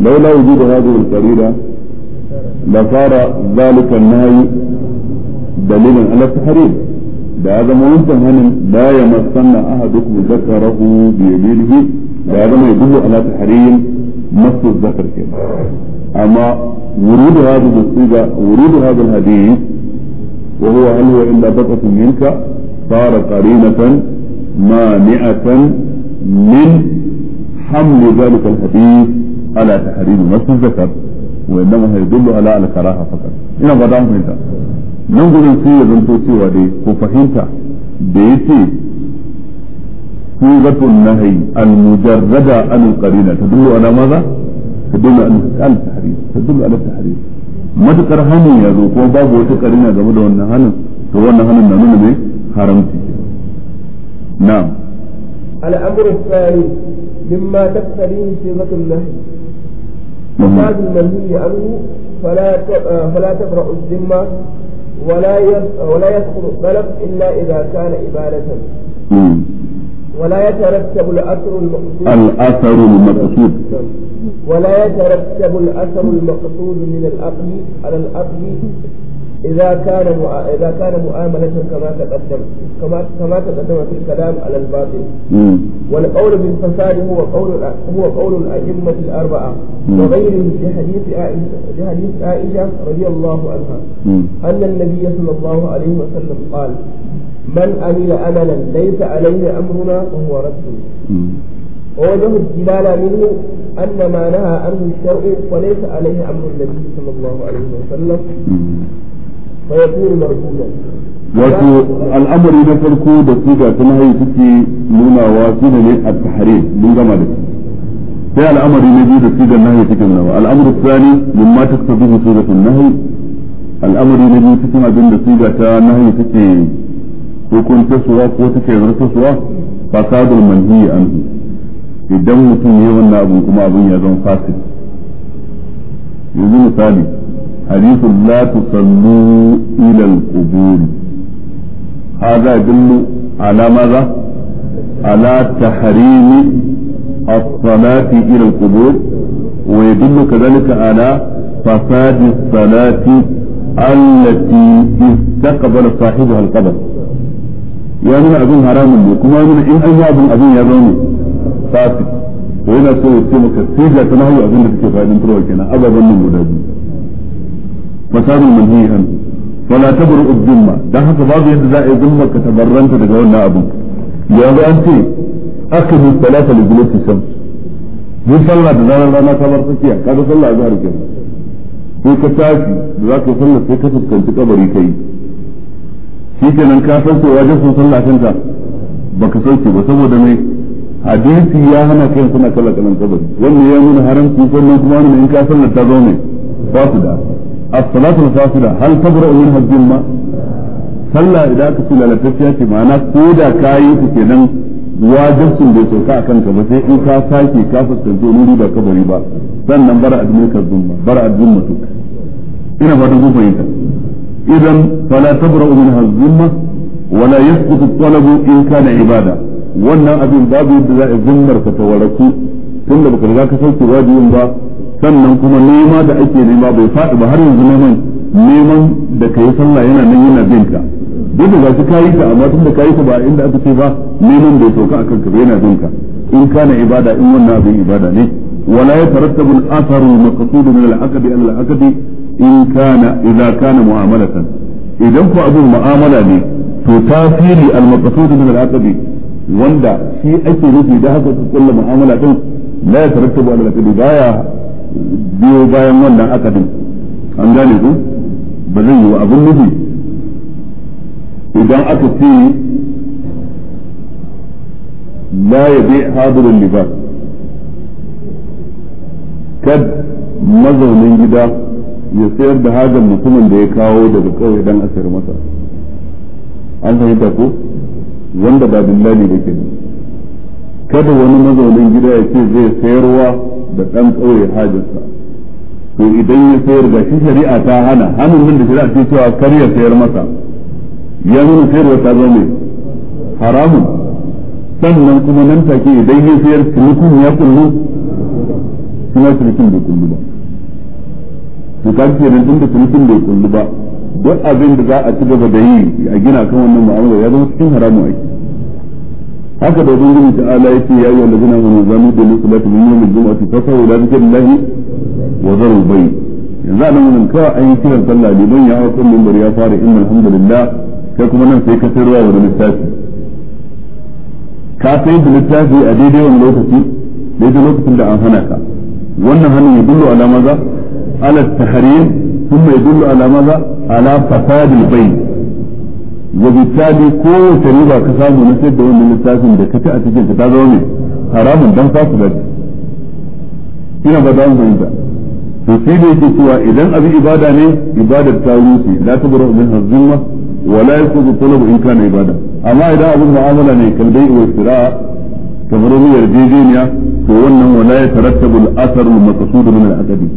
لولا وجود هذه القرينة لصار ذلك النهي دليلا على التحريم da ya zama wancan hannun la ya masanna ahadukum zakarahu bi yaminihi da ya zama yadullu ala tahrim masu zakar ke amma wurudu hadu da siga wurudu hadu hadith wa huwa hal huwa illa baqatun minka sara qarinatan mani'atan min حمل ذلك الحديث على تحريم مس الذكر وإنما يدل على الكراهة فقط. إلى بعد أمر nan gudun sai ya zanto cewa dai ko fahimta da ya ce صيغة النهي المجردة عن القرينة تدل على ماذا؟ تدل على التحريم تدل على التحريم ما hani يا zo ko باب wata karina game da wannan hanin to wannan الأمر الثاني مما تقتضي صيغة النهي نعم. وقال المنهي عنه فلا آه، فلا تبرأ الذمة ولا ولا يدخل الطلب إلا إذا كان إبادة ولا يترتب الأثر المقصود الأثر المقصود ولا يترتب الأثر المقصود من العقل على العقل إذا كان إذا كان مؤاملة كما تقدم كما كما تقدم في الكلام على الباطل والقول بالفساد هو قول هو قول الأئمة الأربعة وغيرهم في حديث عائشة في حديث عائشة رضي الله عنها أن النبي صلى الله عليه وسلم قال من عمل عملا ليس عليه امرنا فهو رد ووجه الدلاله منه ان ما نهى عنه الشرع وليس عليه امر النبي صلى الله عليه وسلم فيكون مردودا wato al'amari na farko da su ga ta nahayi suke nunawa su da ne a tahare mun gama da shi sai al'amari na biyu da su ga nahayi suke nunawa al'amari tsani min ma ta tabi su da nahayi al'amari na biyu cikin abin da su ga ta nahayi suke ko kun tasowa ko take zartasowa fasadul manhi anhu idan mutum ya wannan abu kuma abun ya zama fasid yanzu misali hadithu la tusallu ila al-qubur hada dillu ala madha ala tahrimi الصلاة إلى القبور ويدل كذلك على فساد الصلاة التي استقبل صاحبها القبر ya nuna abin haramun ne kuma nuna in an yi abin abin ya zama fasit to yana so ya ce maka siga ta nahu abin da take fa'idin turwa kenan ababen nan guda biyu masabin manhi an wala tabru uzzimma dan haka babu yadda za a yi zumma ka tabarranta daga wannan abin yanzu an ce akimu salata li gulusi shams duk sallah da zarar rana ta bar tsakiya kaga sallah azhar kenan sai ka tashi da za ka sallah sai ka fuskanci kabari kai shi kenan ka sauke wajen sallah kanka baka sauke ba saboda mai hadisi ya hana kai suna kala kalan kabari wanda ya nuna haramci sannan kuma wani in ka sallar ta zo ne da as-salatu al-fasida hal tabra'u min hadhimma ma sallah idan aka ce tafiya ce ma'ana ko da kai ku kenan sun bai sauka a kanka ba sai in ka sake ka fuskanci wani ba kabari ba sannan bara zumma bara admin mutuk ina fatan kun fahimta إذا فلا تبرأ منها الذمة ولا يسقط الطلب إن كان عبادة wannan abin babu yadda za a zimmar ka tawaraku tun da baka riga ka sauke wajibin ba sannan kuma nema da ake nema bai faɗi ba har yanzu neman neman da kai sallah yana nan yana bin ka duk da gashi kayi ta amma tun da kayi ta ba inda aka ce ba neman bai sauka akan ka yana bin ka in kana ibada in wannan abin ibada ne ولا يترتب الاثر المقصود من العقد على العقد in kana idza kana mu'amalatan idan ku abun mu'amala ne to tafiri al-maqsud min al-aqdi wanda shi ake nufi da haka ku kullu mu'amala din la ya tarattabu ala al-aqdi baya biyo bayan wannan akadin an gane ku ba zai yi abun nufi idan aka ce la yabi hadir al libas kad mazaunin gida ya sayar da hajar mutumin da ya kawo daga kawai dan a sayar masa an fahimta ko wanda ba billahi da ke kada wani mazaunin gida ya ce zai sayarwa da dan kauye hajarsa to idan ya sayar da shi shari'a ta hana hannun nan da shari'a ce cewa kariya sayar masa ya nuna sayarwa ta zama haramun sannan kuma nan take idan ya sayar cinikin ya kullu suna cinikin da kullu ba to ka ce nan tun da tunikin bai kullu ba duk abin da za a ci gaba da yi a gina kan wannan mu'amala ya zama cikin haramu ake haka da ubangiji ta ala yace ya yi wanda gina mana zamu da salatu min yawmil jum'ati fa sawu la lahi wa zaru bai yanzu a nan kawai an yi kiran sallah liban ya hawo kan mimbar ya fara inna alhamdulillah kai kuma nan sai ka sayarwa wa littafi ka sayar da littafi a daidai wani lokaci daidai lokacin da an hana ka wannan hannun ya dullo alama za على التحريم ثم يدل على ماذا؟ على فساد البيت وبالتالي كل تريد كسام ونسيت دون من التاسم ده كتا أتجن كتا حرام الدم فاس بج هنا بدان بيضا تصيبه تسوى إذن أبي إبادة ني إبادة تاويسي لا تبرأ منها الظلمة ولا يكون الطلب إن كان إبادة أما إذا أبو معاملة ني كالبيع والشراء كمرمي الجيجينيا فهو أنه لا يترتب الأثر المقصود من الأدبي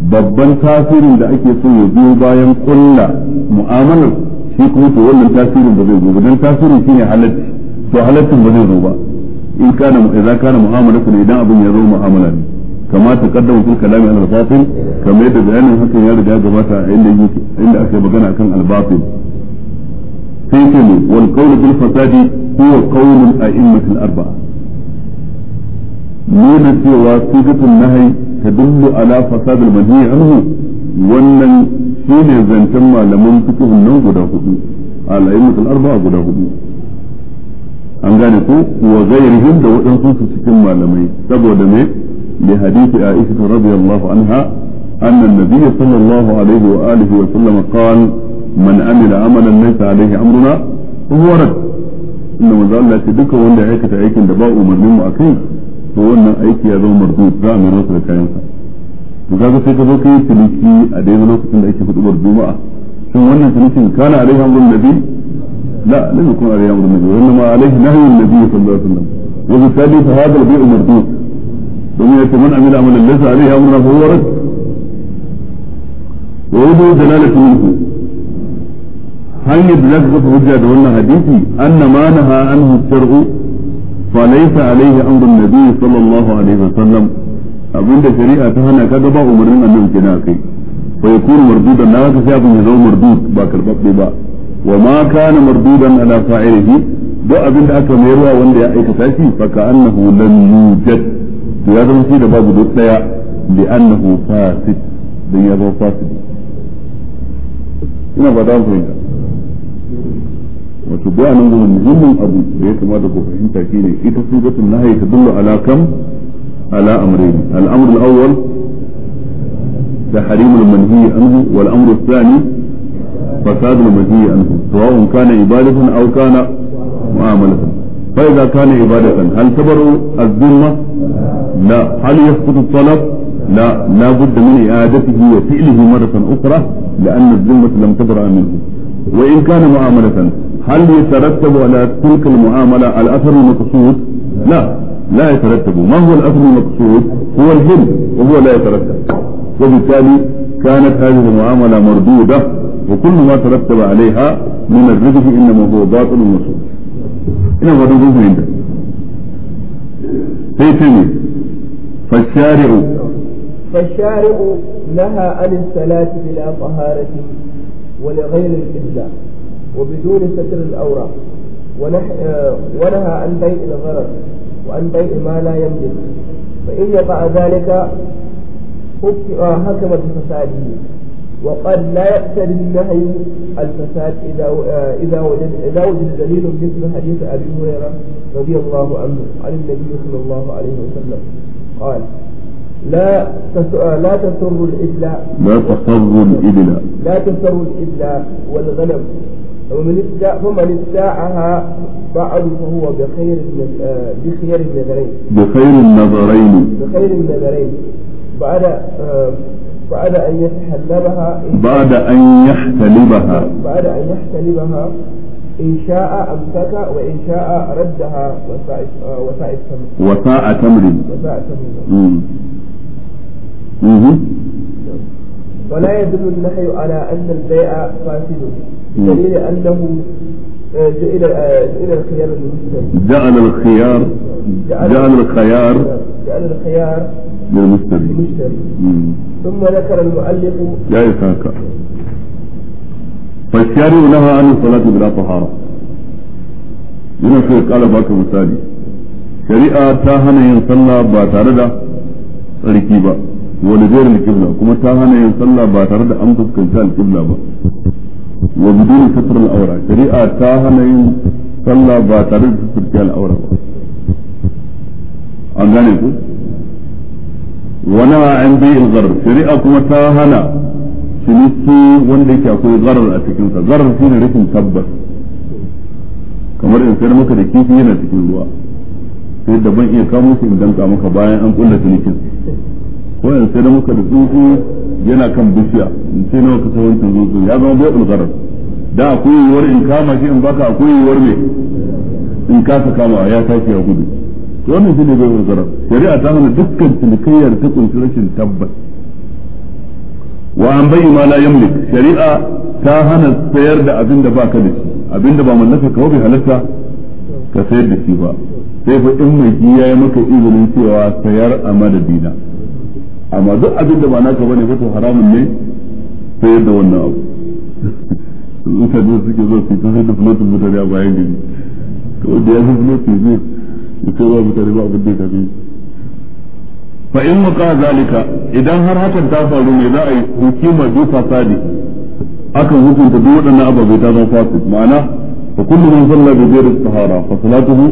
babban tasirin da ake so ya biyo bayan kulla mu'amalar shi kuma to wannan tasirin ba zai zo ba dan tasirin shine halatti to halattin ba zai zo ba in kana idan kana ne idan abin ya zo mu'amala ne kama ta kaddama fil kalami al batil kamar yadda bayanin hakan ya riga gabata a inda yake inda aka magana akan al batil sai ce ne wal qawlu bil fasadi huwa qawlu al a'immatil arba'a ne da cewa sigatul nahyi tadullu ala fasad al-manhi anhu wannan shine zancen malaman fiqh nan guda hudu al-a'immatul arba'a guda hudu an gane ku wa ghayrihim da waɗansu su cikin malamai saboda me li hadisi Aisha radiyallahu anha أن النبي صلى الله عليه وآله وسلم قال من عمل عملا ليس عليه أمرنا هو رد إنما ذا الله تدك ولا دباء من يوم أكيد to wannan aiki ya zama mardud za a mai masa da kayan sa to kaga sai ka zo kai ciniki a daidai lokacin da ake hudubar juma'a shin wannan cinikin kana alaihi amrun nabi la lam yakun alaihi amrun nabi wannan ma alaihi nahyu nabi sallallahu alaihi wasallam wa bisali fa hadha al-bay'u mardud domin yace man amila amalan laysa alaihi amruna fa huwa rad wa wudu dalalatu minhu hanyar da za ka kafa hujja da wannan hadisi anna ma naha anhu shar'u فليس عليه امر النبي صلى الله عليه وسلم abin da shari'a ta hana kaga ba umarnin annabi kenan kai fa yakunu mardudan na ka sai abin ya zama mardud ba karbabbe ba wa ma kana mardudan ala fa'ilihi duk abin da aka mayarwa wanda ya aikata shi fa ka annahu lam yujad to ya zama shi babu duk ɗaya li ya ba wato da nan gurin muhimmin abu da ya kamata ku fahimta shine ita sigatul nahyi tadullu ala kam ala amrayn al-amr al-awwal تحريم المنهي عنه والأمر الثاني فساد المنهي عنه سواء كان عبادة أو كان معاملة فإذا كان عبادة هل تبرأ الذمة؟ لا هل يسقط الطلب؟ لا لا بد من إعادته وفعله مرة أخرى لأن الذمة لم تبرأ منه وإن كان معاملة هل يترتب على تلك المعاملة الأثر المقصود؟ لا لا يترتب ما هو الأثر المقصود؟ هو الهند وهو لا يترتب وبالتالي كانت هذه المعاملة مردودة وكل ما ترتب عليها من الربح إنما هو باطل ومسوء إنما هو عندك سيتمي فالشارع فالشارع نهى عن الصلاة بلا طهارة ولغير الاسلام وبدون ستر الأوراق آه، ونهى عن بيع الغرض وعن بيع ما لا يملك فإن يقع ذلك حكم بفساده آه، وقد لا يقتضي النهي الفساد إذا آه، إذا وجد إذا وجد دليل مثل حديث أبي هريرة رضي الله عنه عن النبي صلى الله عليه وسلم قال لا لا تسر الإبل لا تسر الإبل لا تسر الإبل والغنم ومن فمن ابتاعها بعد فهو بخير آه، بخير النظرين بخير النظرين بخير النظرين بعد آه، بعد أن يتحلبها بعد أن يحتلبها بعد أن يحتلبها إن شاء أمسك وإن شاء ردها وساء آه، وساء التمر وساء تمر وساء تمر ولا يدل النهي على أن البيع فاسد نعم. آه، آه، جعل الخيار جعل الخيار جعل الخيار جعل للمشتري ثم ذكر المؤلف لا يفاك فالشاري نهى عن الصلاة بلا طهارة من الشيخ قال باك مثالي شريعة تاهنا ينصلى باتاردة ركيبة ولدير الكبلة كما تاهنا ينصلى باتاردة أنتم كنتال الكبلة wa bidun satr al awra shari'a ta hana yin sallah ba tare da suturci al awra ba an gane ku wani nawa an bi al zarar shari'a kuma ta hana ciniki wanda yake akwai zarar a cikinsa zarar zarar ne rikin tabbas kamar in sayar maka da kifi yana cikin ruwa sai da ban iya kawo su in danka maka bayan an kulla cinikin wannan sai da muka da tsuntsu yana kan bishiya sai nawa ka san wancan tsuntsu ya zama bai ulgarar da akwai yiwuwar in kama shi in baka akwai yiwuwar me in kasa kama ya tashi ya gudu to wannan ne bai ulgarar shari'a ta hana dukkan cinikayyar ta kunshi rashin tabbas wa an bayyi ma la yamlik shari'a ta hana sayar da abin da baka da shi abin da ba mallaka ka bai halatta ka sayar da shi ba sai fa in mai ya yi maka izinin cewa sayar a madadina amma duk abin da ba naka bane ko to haramun ne sai da wannan abu mutane suke zo su tafi da fulotin mutane a bayan gari kawai da ya fi fulotin zai ya sai ba mutane ba abin da ya tafi fa in muka zalika idan har hakan ta faru ne za a yi hukuma bi fasadi akan hukunta duk waɗannan ababai ta zama fasid ma'ana fa kullu man salla bi ghairi tahara fa salatuhu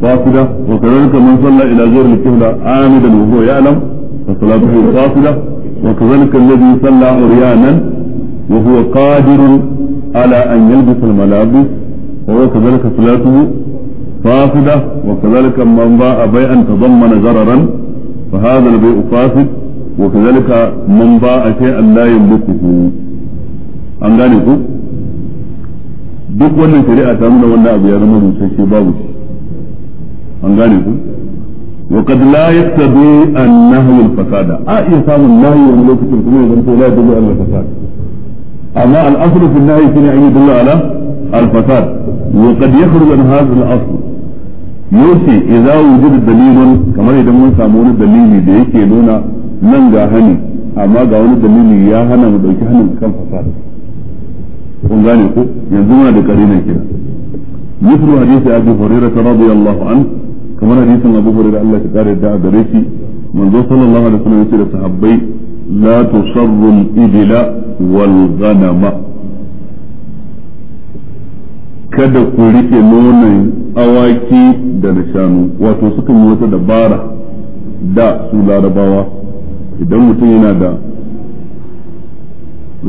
fasida wa kadhalika man salla ila ghairi al-qibla amidan wa huwa ya'lam فصلاته قاصرة وكذلك الذي صلى عريانا وهو قادر على أن يلبس الملابس وهو كذلك صلاته فاسدة وكذلك من باع بيعا تضمن زررا فهذا البيع فاسد وكذلك من باع شيئا لا يملكه an gane ku duk wannan shari'a ta nuna wannan abu ya zama rusasshe babu shi an gane ku وقد لا يقتضي النهي الفساد آه يسام النهي وملوك الكلمة يقول لا يدل على الفساد أما الأصل في النهي فينا أن يدل على الفساد وقد يخرج عن هذا الأصل yaushe idza wujida dalilun kamar idan mun samu wani dalili da yake nuna nan ga hani amma ga wani dalili ya hana mu ɗauki hanin kan fasada kun gane ko yanzu muna da karinan kira مثل حديث abu هريره رضي الله kamar hadisin Abu Hurairah Allah ya kare da gare shi manzo sallallahu alaihi wasallam yace da sahabbai la tusarru wal ghanama kada ku rike nonon awaki da na shanu wato yi wata dabara da su larabawa idan mutum yana da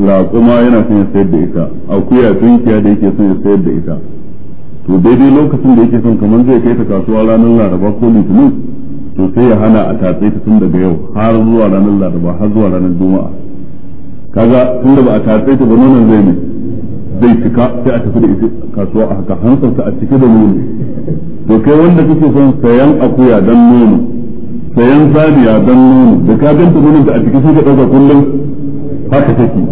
raƙuma yana son ya sayar da ita akuya tunkiya da yake son ya sayar da ita to daidai lokacin da yake son kamar zai kai ta kasuwa ranar laraba ko litinin to sai ya hana a tatse ta tun daga yau har zuwa ranar laraba har zuwa ranar juma'a kaga tun da ba a tatse ta ba nonon zai ne zai cika sai a tafi da ita kasuwa a haka hansarsa a cike da nono to kai wanda kake son sayan akuya dan nono sayan saniya dan nono da ka ganta nonon ta a cike sai ka ɗauka kullum haka take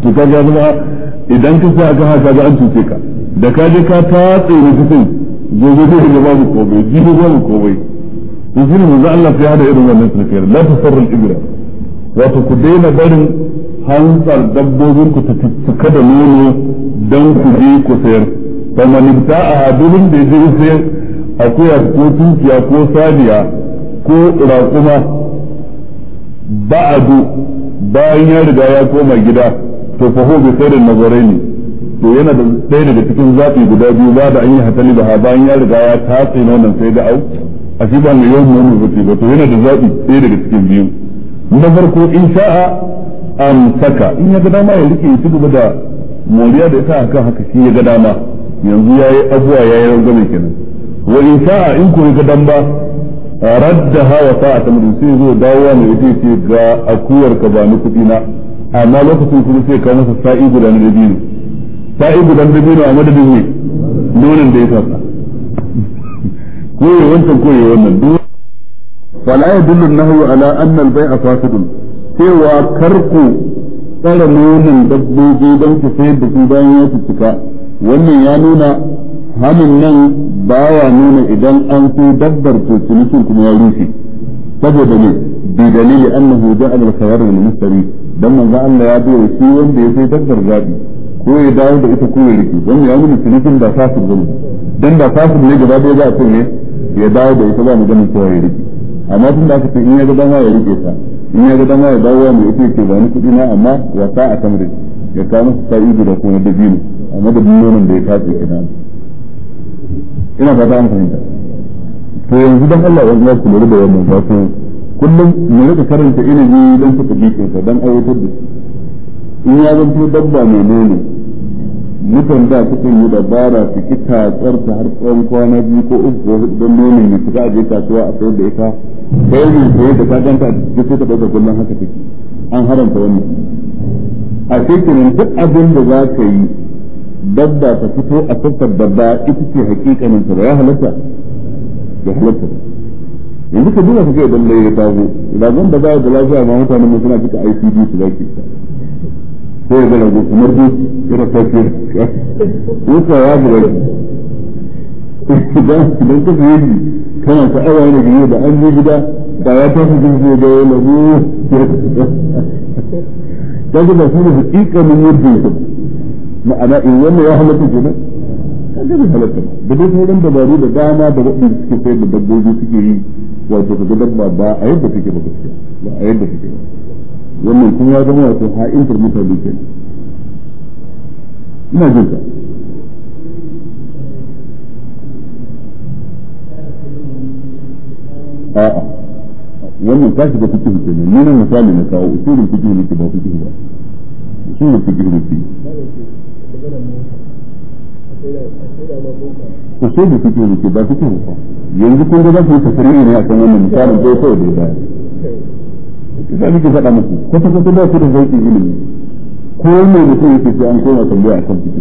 to kaga zama idan ka sa aka haka ga an cuce ka da ka je ka tatse ni sai gobe zai ga babu komai jibi babu komai to shi ne manzo Allah sai hada irin wannan tsakiyar la al ibra wato ku daina barin hantsar dabbobin ku ta tsaka da nono dan ku je ku sayar fa man a dubin da zai sayar akwai ko tunkiya ko sadiya ko raƙuma ba'adu bayan ya riga ya koma gida to fa ho bi da nazarai ne to yana da ɗaya daga cikin zaɓi guda biyu ba da an yi hatali da bayan ya riga ya tatse na wannan sai da au a shi ba mai yawan mu zuci ba to yana da zaɓi ɗaya daga cikin biyu na farko in sha'a an saka in ya ga dama ya rike shi gaba da moriya da ita akan haka shi ya ga dama yanzu ya abuwa ya yi rangwame kenan wa in sha'a in ko ya ga dan ba raddaha wa sa'a ta mutum sai zo dawowa mai ita ce ga akuyar ka ba ni kuɗi na amma lokacin kuma sai ka masa sa'i guda na biyu ta yi gudan dabino a madadin ne nonon da ya sassa koyi wancan koyi wannan fala ya dullu nahwu ala annal bai a fasidun cewa karku tsara nonon dabbobi don ki sayar da su bayan ya cika wannan ya nuna hannun nan baya nuna idan an sai dabbar to cinikin kuma ya rufe saboda ne bi dalili annahu ja'a al-khayar al-mustari dan manzo Allah ya biyo shi wanda ya sai dabbar zabi ko ya dawo da ita kowai ya rike don ya nuna cinikin da fasir bane dan da fasir ne gaba ɗaya za a ne ya dawo da ita ba mu ganin cewa ya rike amma tun da aka ce in ya ga ya rike ta in ya ga ya mai ita yake ba ni na amma ya sa a tamrin ya sa'idu da kuma dabino amma da nonon da ya kace kina ina fata an fahimta to yanzu dan Allah ya zama ku lura da wannan ba ku kullum mu rika karanta ilimi dan fita bikin sa dan aiwatar da shi in ya zanto dabba mai nono mutan da sukan yi dabara su ki tatsar ta har tsawon kwana biyu ko uku ko hudu don nono ne fita aje kasuwa a sayar da ita sai ne sai da ka ganta a sai ta ɗaukar kullum haka take an haramta wannan a cikin duk abin da za ka yi dabba ta fito a tattar dabba ita ce hakikanin ta ya halatta ya halatta yanzu ka duba ka ga idan lai ya tago zan da za da lafiya ma mutanen mu suna cika ICD su zaki ta sai ya zara gudu kamar duk irin kafiyar wuta ya zara idan idan ka fiye shi kana ta awa ne gari da an je gida ba ya tafi jin zai ga ya lagu ya ga ba su da hakikanin yadda ya ma'ana in eh, wannan ya halatta kenan kaga bai halatta ba da dai sauran dabaru da dama da waɗanda suke sayar da dabbobi suke yi wato ka ga dabba ba a yadda take ba gaskiya ba a yadda take ba wannan kuma ya zama wato ha intermittent ke ina jin ka a'a wannan ta shiga hukun ne nan misali na kawo usulun fikihu ne ke ba fikihu ba usulun fikihu ne ke usulun fikihu ne ke ba fikihu ba yanzu kun ga za su yi tafiri ne a kan wannan misalin ko kawai da ya isa muke faɗa muku kwata kwata da ku da zauƙi ilimi ko me da sai yake sai an koma tambaya akan ciki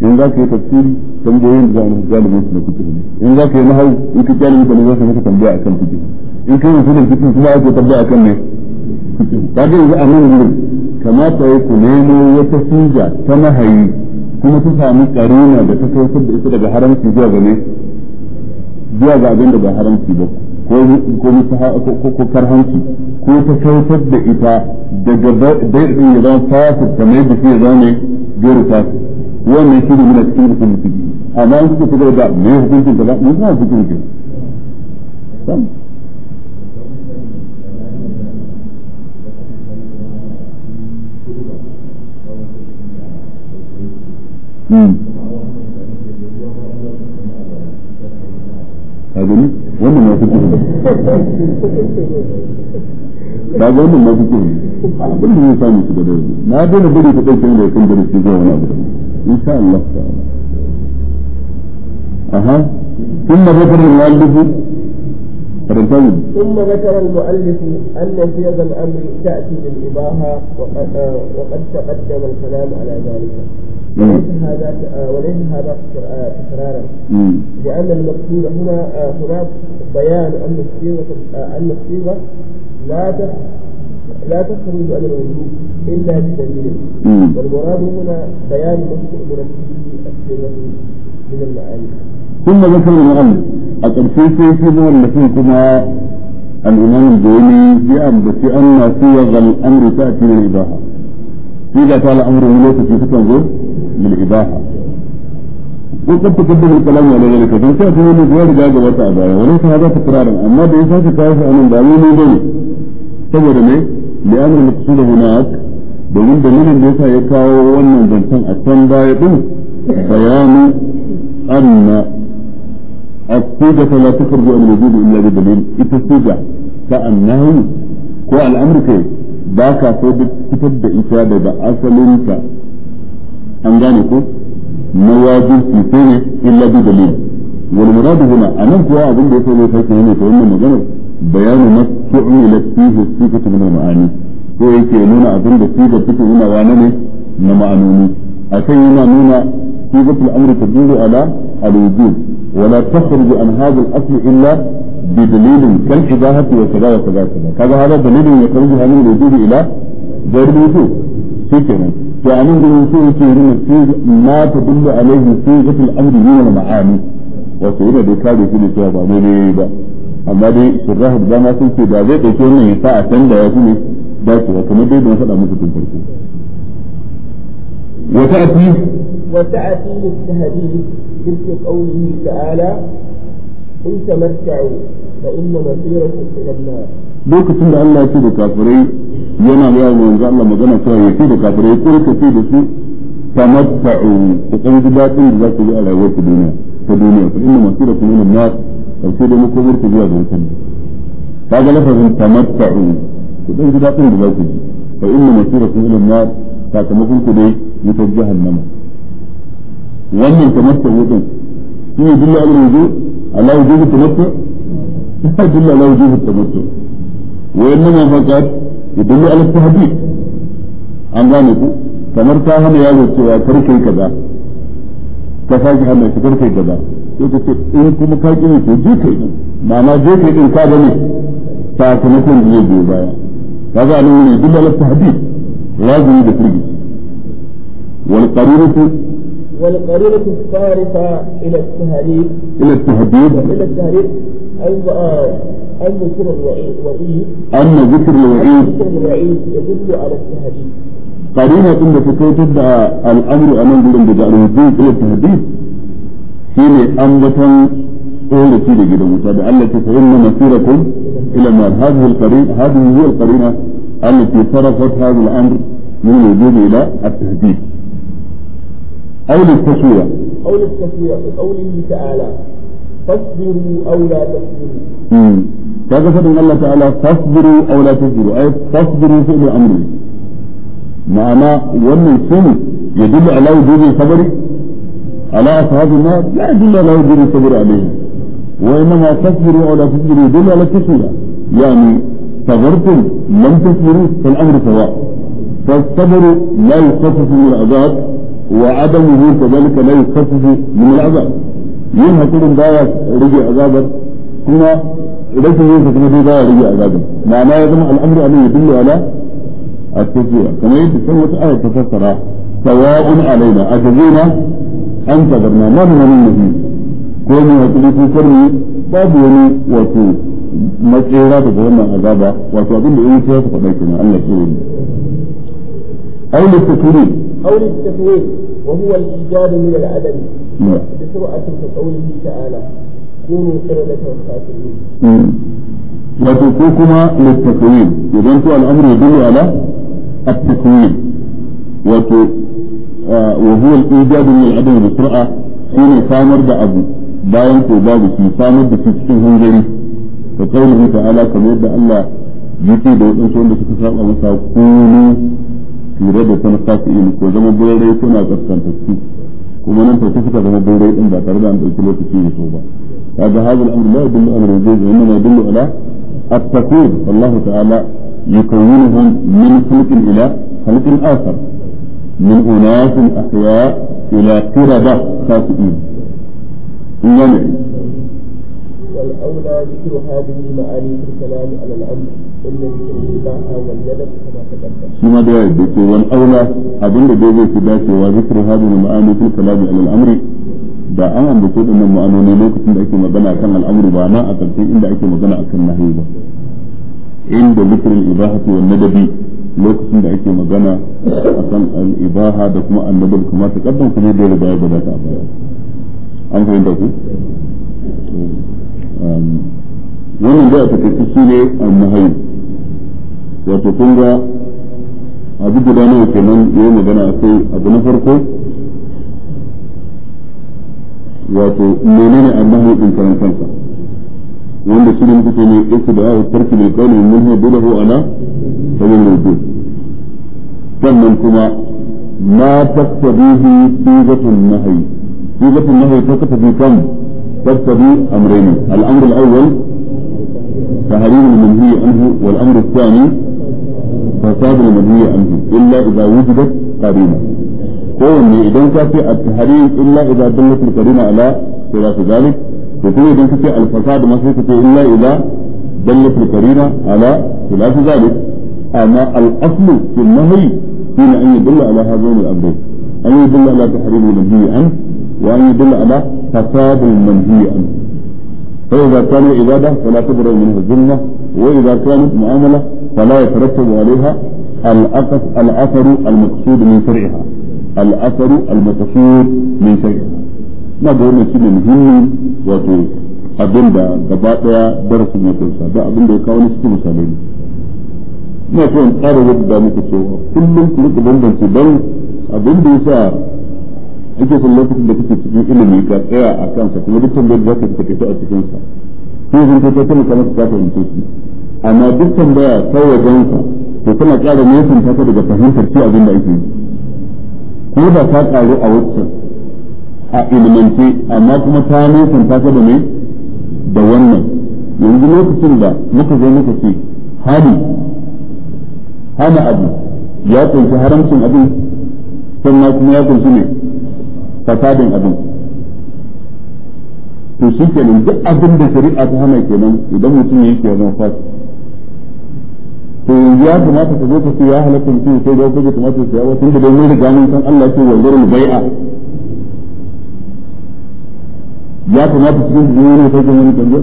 in za ka yi tafsiri tambayoyin da za a nufi galibin su na kuɗi in za ka yi nahau in ka galibin ne za ka maka tambaya akan kuɗi in kai mutum da kuɗi kuma ake tambaya akan ne ba ga yanzu a nan wurin kamata ya ku nemo wata siga ta mahayi kuma ta sami karina da ta kai da ita daga haramci zuwa ga ne zuwa ga abin da ba haramci ba ko musaha ko ko karhanci ko ta kautar da ita daga daidin ya zama fasir kamar da shi ya zama ne gairu fasir wannan shi ne muna cikin hukun musulmi amma in suka fitar da me hukuncin kaza mun kuma hukuncin ke Hmm. Agni? wannan ya fito ba ga wannan ma fito ne abin da zai samu shiga da yanzu na dole bari ka ɗauke ni da kan darasi zuwa wani abu insha Allah ta'ala aha ثم ذكر المؤلف فرنتين ثم ذكر المؤلف أن صيغ الأمر تأتي للإباحة وقد, وقد تقدم الكلام على ذلك وليس هذا وليس هذا تكرارا لأن المقصود هنا هناك بيان أن الصيغة أن الصيغة لا لا تخرج عن الوجود إلا بدليل والمراد هنا بيان مستؤمن فيه الصيغة من المعاني ثم ذكر المؤلف التنفيذ في مؤلفيكما الإمام الجويني في أنبت أن صيغ الأمر تأتي للإباحة إذا قال أمر ملوك في فتنة للإباحة وقد da الكلام على ذلك فإن شاء فهو نزوار جاء وسع بايا وليس هذا تكرارا أما بإنسان تكارف أن دعوني دوني saboda ne لأن المقصود هناك domin dalilin da yasa ya kawo wannan zancen a can baya din bayanu anna as-suja la tukhruju an wujudi illa bi dalil ita suja ka annahu ko al'amr kai ba ka so fitar da ita daga asalinta an gane ko نواجب في إلا بدليل والمراد هنا أنا كوا أظن بيسوي لي فايت هنا فإن مجرد بيان ما تعملت فيه الصيغة من المعاني هو yake nuna اظن da تكون take nuna wane ne na ma'anoni akai yana الامر تدل على الوجود ولا تخرج عن هذا الاصل الا بدليل كالإباحة وكذا وكذا وكذا كذا هذا دليل يخرج عن الوجود الى غير الوجود شكرا to a nan gudun sai yake yi ne sai ma ta fi al'amri yi wani ma'ani wato yana da kare shi ne cewa ba amma dai shirrahu da sun ce ba zai ɗauki wannan ya sa a can ya fi ne ba ce ba kamar dai don faɗa musu tun farko. wata a fiye wata a fiye da hadisi kirki kauli ta ala kun tamarta da inna masirar lokacin da Allah ya ce da kafirai yana da yawon manzo Allah magana cewa ya ce da kafirai ko ka ce da su tamatta'u ku san ji dadin da za ku yi a rayuwar ku duniya ta duniya ku inna masirakum min an-nar karshe da muku murku zuwa ga wutar kaga lafazin tamatta'u ku san ji dadin da za ku ji fa inna masirakum min an-nar sakamakon ku dai wutar jahannama wannan tamatta'u din shi ne dilla al-wudu ala wujubi tamattu la dilla ala wujubi tamattu wa innama faqat yadullu ala tahdid an gane ku kamar ta hana yaro cewa karkai kaza ka sake hana shi karkai kaza sai ka ce in kuma ka kire to je kai din ma'ana je kai din ka bane sakamakon da zai biyo baya kaga nan ne yadullu ala tahdid lazimi da firgici wal qariratu والقرينة الثالثة إلى التهديد إلى التهديد إلى التهديد أيضا أن آه، ذكر الوعيد أن ذكر الوعيد يدل على التهديد قرينة أن فكرة الأمر أمام جلد جعله الدين إلى التهديد حين أمة قول في جدا متابعة التي فإن مسيركم إلى ما هذه القرينة هذه هي القرينة التي صرفت هذا الأمر من الوجود إلى التهديد أو للتسوية أو للتسوية قوله تعالى فاصبروا أو لا تصبروا كذا من الله تعالى فاصبروا أو لا تصبروا أي فاصبروا فعل أمر معنى ومن سن يدل على وجود الصبر على أصحاب النار لا يدل على وجود الصبر عليهم وإنما تصبروا أو لا تصبروا يدل على التسوية يعني صبرتم لم تصبروا فالأمر سواء فالصبر لا يخفف من العذاب وعدم وجود كذلك لا يخفف من العذاب يوم هتقول باية رجع عذابا ثم ليس يوسف نبي باية رجع عذابا معناه جماعه الأمر أن يدل على التسوية كما يجب سنة آية تفسرها سواء علينا أجزينا أن تدرنا ما من منه كون يهتلي في كرمي باب يلي وكو مسيرات بهم عذابا وكو أقول لإيه سيطة بيتنا أن يكون أي للتكريم أو التكوين وهو الايجاد من العدم نعم. بسرعه كقوله تعالى كونوا قردة خاسرين وتوقوكما للتكوين إذن الأمر يدل على التكوين وتو آه، وهو الإيجاد من العدم بسرعة حين سامر دا أبو باين في بابو سي سامر دا فتسو هنجري فقوله تعالى كما يدى الله يتي دا وإن شاء الله سكسر الله tire da sana sa su ilimi ko zama birrai suna kaskantattu kuma nan take suka zama birrai din ba tare da an ɗauki lokaci ne so ba kaga hadal amru la yadullu ala al-ghayb wa innama yadullu ala at-taqdir Allah ta'ala يكونهم من خلق إلى خلق آخر من أناس أحياء إلى قردة خاسئين. والأولى ذكر هذه المعاني في الكلام على الأمر إلا ذكر الإباحة والندب كما تقدم. شما دعي والأولى أظن في وذكر هذه المعاني في الكلام على الأمر da an ambace da nan ma'anoni lokacin da ake magana kan al'amuru ba na a ƙarshe inda ake magana akan nahi ba inda zikirin ibahati wa nadabi lokacin da ake magana akan da kuma annabar kuma ta kaddan kuma da ya riga ya gabata a baya an fahimta ku Um, wannan da aka tafi shi ne al-muhayyib um, wato kun ga abu guda nawa kenan yi magana akai abu na farko wato menene al-muhayyib din karan kansa wanda shi ne muke ne yake da ya tarki bil mun min huwa ana ta sabin wujud sannan kuma ma taqtabihi sigatun nahyi sigatun nahyi ta tafi kan تقتضي امرين الامر الاول تحريم المنهي عنه والامر الثاني فساد المنهي عنه الا اذا وجدت قرينه كون اذا كان في التحريم الا اذا دلت القرينه على خلاف ذلك وكون اذا كان الفساد ما الا اذا دلت القرينه على خلاف ذلك اما الاصل في النهي حين ان يدل على هذين الامرين ان يدل على تحريم المنهي عنه وان يدل على الفساد المنهي عنه فإذا كان عبادة فلا تبرأ منه الذمة وإذا كانت معاملة فلا يترتب عليها الأثر الأثر المقصود من شرعها الأثر المقصود من شرعها ما بقول شيء مهم وطول abin da gaba daya darasin ya kunsa da abin da ya kawo cikin misalai ne ina so in tsara yadda muku cewa kullum ku rika bambance don abin da ya sa ake son lokacin da kake cikin ilimi ka tsaya a kansa kuma duk tambayar da zaka take ta a cikin sa sai zan ta tana ta ta fahimce shi amma duk tambaya ta wajen ka to kana ƙara nesan ta daga fahimtar shi abin da ake yi ko da ka ƙaru a waccan a ilimance amma kuma ta nesan ta da mai da wannan yanzu lokacin da muka zo muka ce hali hana abu ya kunshi haramcin abin sannan kuma ya kunshi ne fasadin abin to shi kenan duk abin da shari'a ta hana kenan idan mutum ya ke wannan fasu to yanzu ya kamata ka zo ka ce ya halatta mutum sai da kuka kamata ka saya tun da dai mun riga mun san Allah ce wa zarul bai'a ya kamata cikin su ne sai kan wani kanzo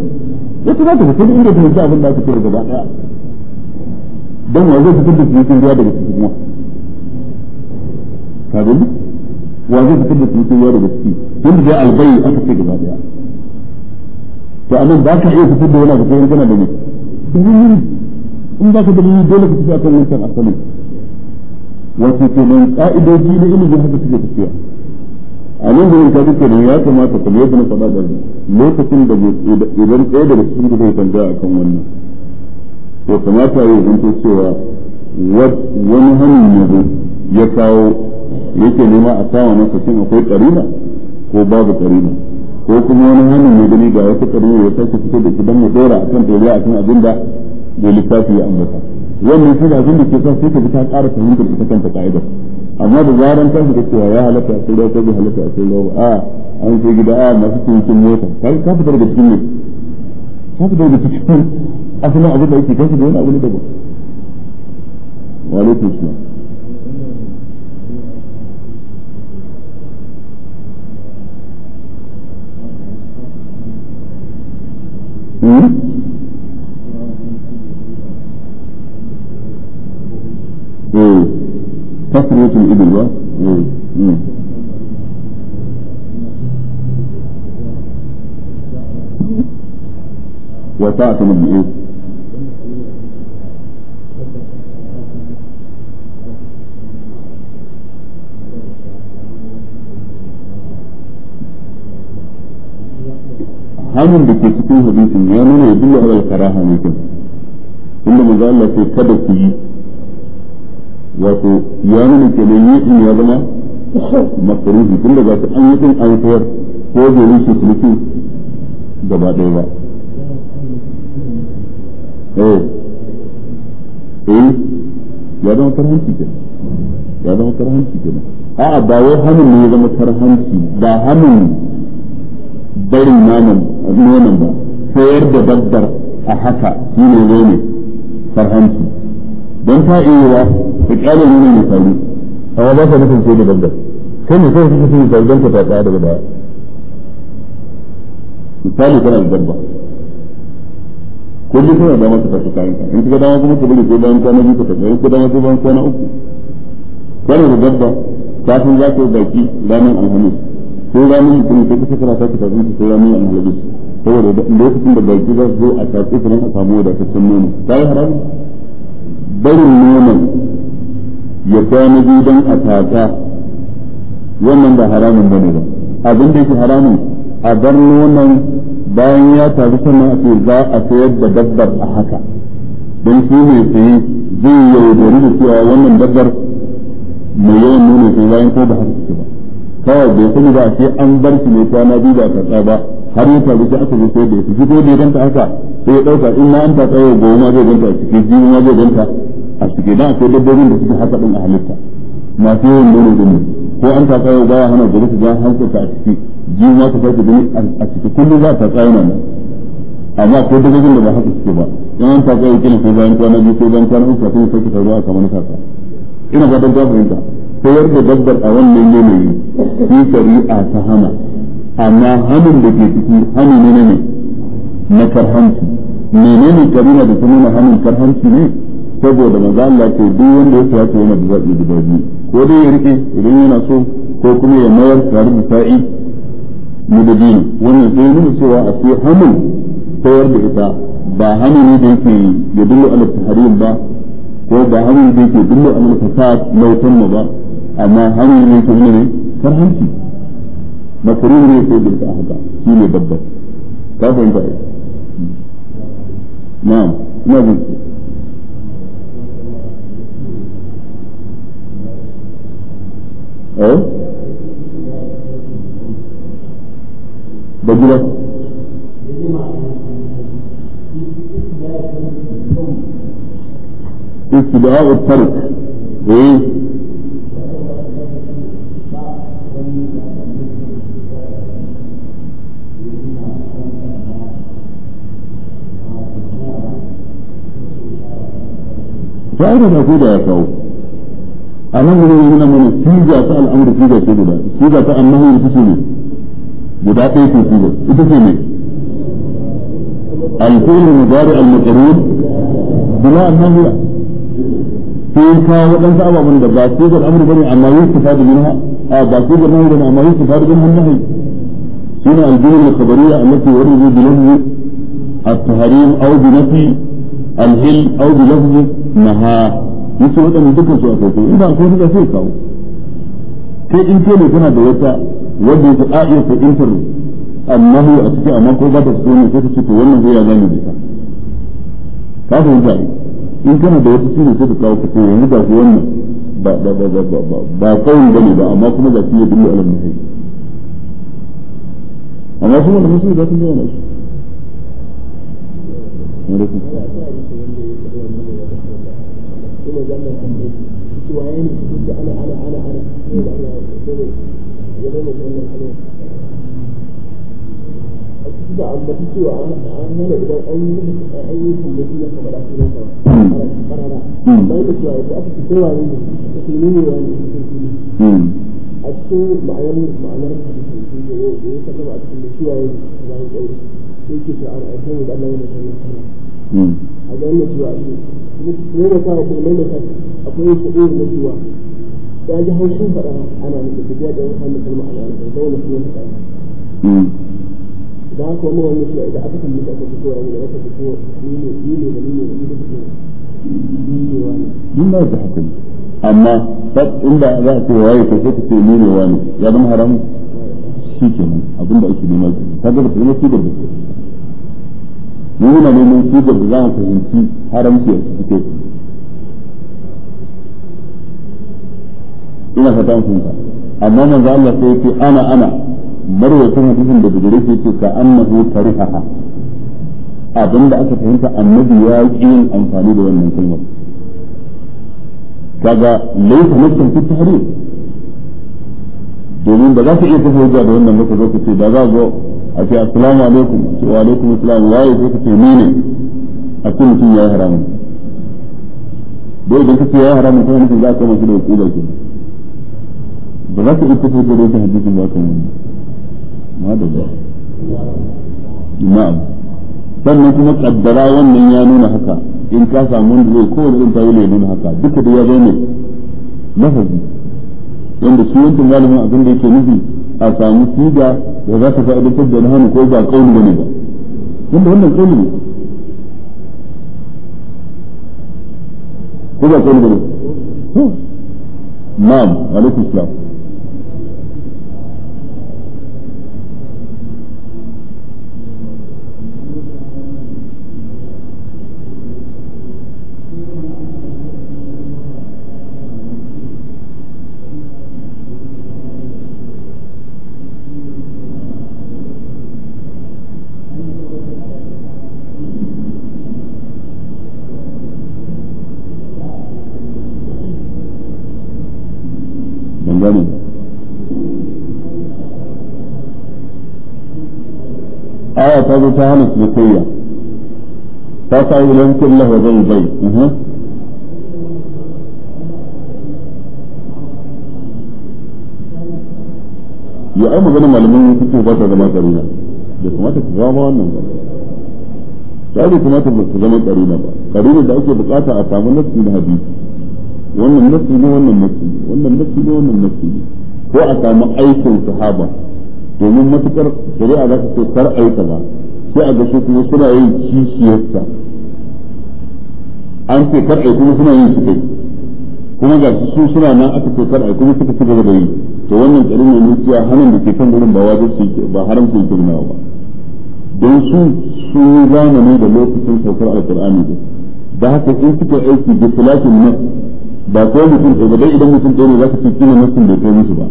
ya kamata ka tafi inda kuma abin da aka ce gaba daya dan wa zai fitar da cikin riya daga cikin kuma sabbi wa zai fitar da cutarwa daga ciki tun da albayi aka ce gaba daya to amma ba ka iya fitar da wani abu sai kana da ne in ba ka da dalili dole ka fita kan wancan asalin wato kenan ka'idoji na ilimin haka suke tafiya a nan gurin ka duka ne ya kamata ka yadda na faɗa da lokacin da idan ɗaya daga cikin da zai tambaya a kan wannan to kamata ya yi zanto cewa wani hannun ne ya kawo yake nema a kama masa shin akwai karina ko babu karina ko kuma wani hannun mai gani ga wata karina ya sake fito da shi don ya dora a kan tauriya a kan abin da mai littafi ya ambata wannan shi abin da ke sa sai ka ji ta ƙara fahimtar ita kanta ka'idar amma da zaran ta shiga cewa ya halatta a tsira ko bai halatta a tsira ba a ah, an sai gida a ah, masu cikin mota kai ka fitar da cikin ne ka fitar da cikin asalin abin da yake kai shi da wani abu ne daban wa alaikum salam ايه تسرية الإبل وطاعة من hannun da ke cikin hadisin ya nuna ya dilla alal karaha ne kin inda manzo Allah ce kada ku yi wato ya nuna kenan yi in ya zama makruhi tun da ba an yi din an tayar ko da shi sulki gaba ɗaya ba eh eh ya zama tarhanci ke ya zama tarhanci ke a'a ba wai hannun ne ya zama tarhanci ba hannun barin nonon ba sayar da dabbar a haka shi ne zo ne farhanci don ta iya ta kyale ne ne faru amma ba ta nufin sai da dabbar kai ne kai kake sai zargan ta tsaya daga baya misali kana da dabba kullum kana da mata tafi kayan ka in ka dama kuma ka bari ko bayan kwana biyu ka tafi in ka dama ko bayan kwana uku kana da dabba kafin za ka yi baki ranar alhamis sai kita lokacin da baki za su zo a a samu haram ya kwana a tata wannan ba haramun bane ba da yake haramun a bar nonon bayan ya taru sannan za sayar da dabbar a haka don yaudari da cewa wannan dabbar mai yawan nono sai bayan ko ba haka ba kawai bai sani ba sai an bar shi ne kwana biyu ba karɓa ba har ya taru shi aka zo sai da su ko bai ganta haka sai ya ɗauka in ma an ta tsaye gobe ma zai ganta a ciki jibi ma zai ganta a ciki dan akwai dabbobin da suke haka din a halitta masu yawan nono gumi ko an ta tsaye baya hana gobe su ga hankalta a ciki jibi ma ta sake gani a ciki kullum za ta tsaye nan amma ko dabbobin da ba haka suke ba in an ta tsaye kina sai bayan kwana biyu sai bayan kwana uku kafin sai ta taru a kamar kasa ina fatan ta fahimta sayar da dabbar a wannan yanayi shi shari'a ta hana amma hannun da ke ciki hannu ne ne na karhanci menene karina da kuma hannun karhanci ne saboda maza Allah ce duk wanda ya saya yana da zaɓi guda biyu ko dai ya rike idan yana so ko kuma ya mayar tare da sa'i mudadini wannan sai nuna cewa a ce hannun sayar da ita ba hannu ne da yake ya dullo ala tahrim ba ko ba hannun da yake dullo ala fasad lautan ba amma hanyar ne ta ne karhanci makaruhu ne sai da ta haka shi ne babbar ka fahimta ai na ina jin su eh استدعاء ايه fa'ida ما ko da ya kawo هنا من wani سأل أمر siga ta al'amur siga ce guda siga ta annahu ita ce ne guda ɗaya الفعل المضارع المقرون بناء نهي في كاو دان سبب من دبا سيد الامر بني عما يستفاد منها اه باقي الأمر بني عما يستفاد منها النهي هنا الجنة الخبريه التي ورد بلفظ التحريم او بنفي الهل او بلفظ naha yace wadanda dukkan su akwai to inda akwai duka sai kawo sai in ce ne kana da wata wanda yake a iya in fahimtar annabi a cikin amma ko ba ta so ne sai ka ce to wannan zai ya gane da ta ka fahimta in kana da wata shi ne sai ka kawo ka ce yanzu ba ga wannan ba ba ba ba ba ba kawai ne ba amma kuma ga shi ya dinga ne sai amma kuma da musu da sun yi wannan shi sai mai tambaye waye ne su ce ana ana ana ana da ya ce ne ya a cikin da an bata cewa an an idan an yi an yi sa ana karara cewa ne ne ne wani a cikin ya a cikin da shi waye ne sai ke a da هذا أن سواء من كانت المملكة أقول سؤول من سواء يعني هم شوف أنا من الجواد أو هم من المعنى أنا دون في المسألة ذاك وما هو مثل إذا أتت من ذاك الدكتور أو ذاك الدكتور مين مين ولا مين ولا مين ولا مين أما طب إلا ذات رواية كيف تؤمن وأنا يا ابن حرام شيكا أظن بأي شيء لماذا تقدر تقول شيكا بالسلام nuna muna neman sigar da za mu fahimci haramci a cikin ina fata mun fahimta amma manzo Allah sai yake ana ana marwayatan hadisin da bigire ke ce ka annahu tarihaha abinda aka fahimta annabi ya yi yin amfani da wannan kalmar kaga laysa nafsan fi tarihi domin ba za ka iya tafiya da wannan maka zo ka ce da za zo a ce assalamu alaikum wa alaikum assalam waye sai ka ce ni ne a ce mutum ya yi haramun dai idan ka ce ya yi haramun kuma mutum za ka shi da kula ke ba za ka iya tafiya da rashin hadisin ba kan wani ma da ba na'am sannan kuma kaddara wannan ya nuna haka in ka samu wanda zai kowane irin tawili ya nuna haka duka da ya zo ne lafazi wanda su yankin malamin abin da yake nufi a samu siga da za ta fa'idatar da hannu ko ba kauli ne ba wanda wannan kauli ne ko ba kauli ne na'am alaikum salam ai ta hana cinikayya ta mhm. ai zama da kamata ku ba ta bai kamata ku bukata a samu na hadisi wannan nafsi wannan nafsi wannan ko a samu aikin sahaba domin matukar shari'a za ta kar aika ba sai a gaske kuma suna yin kishiyarsa an ce karɓe kuma suna yin su kai kuma ga su suna nan aka ce karɓe kuma suka ci gaba da yi to wannan tsarin ne mun cewa hannun da ke kan gurin ba wajen su ba haramta yake nuna ba don su sun zamani da lokacin saukar alkur'ani ba da haka in suka aiki da filatin nan ba ko mutum ɗaya ba dai idan mutum ɗaya ne za su ce kina nasin bai kai musu ba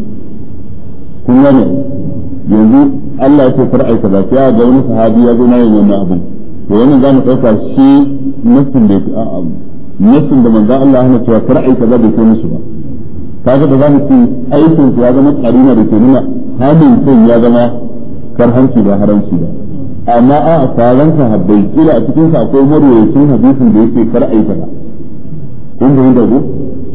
kun gane yanzu Allah ya ce kar aika kaza sai ga wani sahabi ya zo na yin wannan abin to wannan za mu ɗauka shi nassin da nassin da manzo Allah ya ce kar aika kaza bai kai musu ba kaga da zamu ci aikin su ya zama karima da ke nuna halin sai ya zama karhanci ba haramci ba amma a faran sahabbai kila a cikin sa akwai marwayacin hadisin da yake kar aika kaza kun ga yadda ko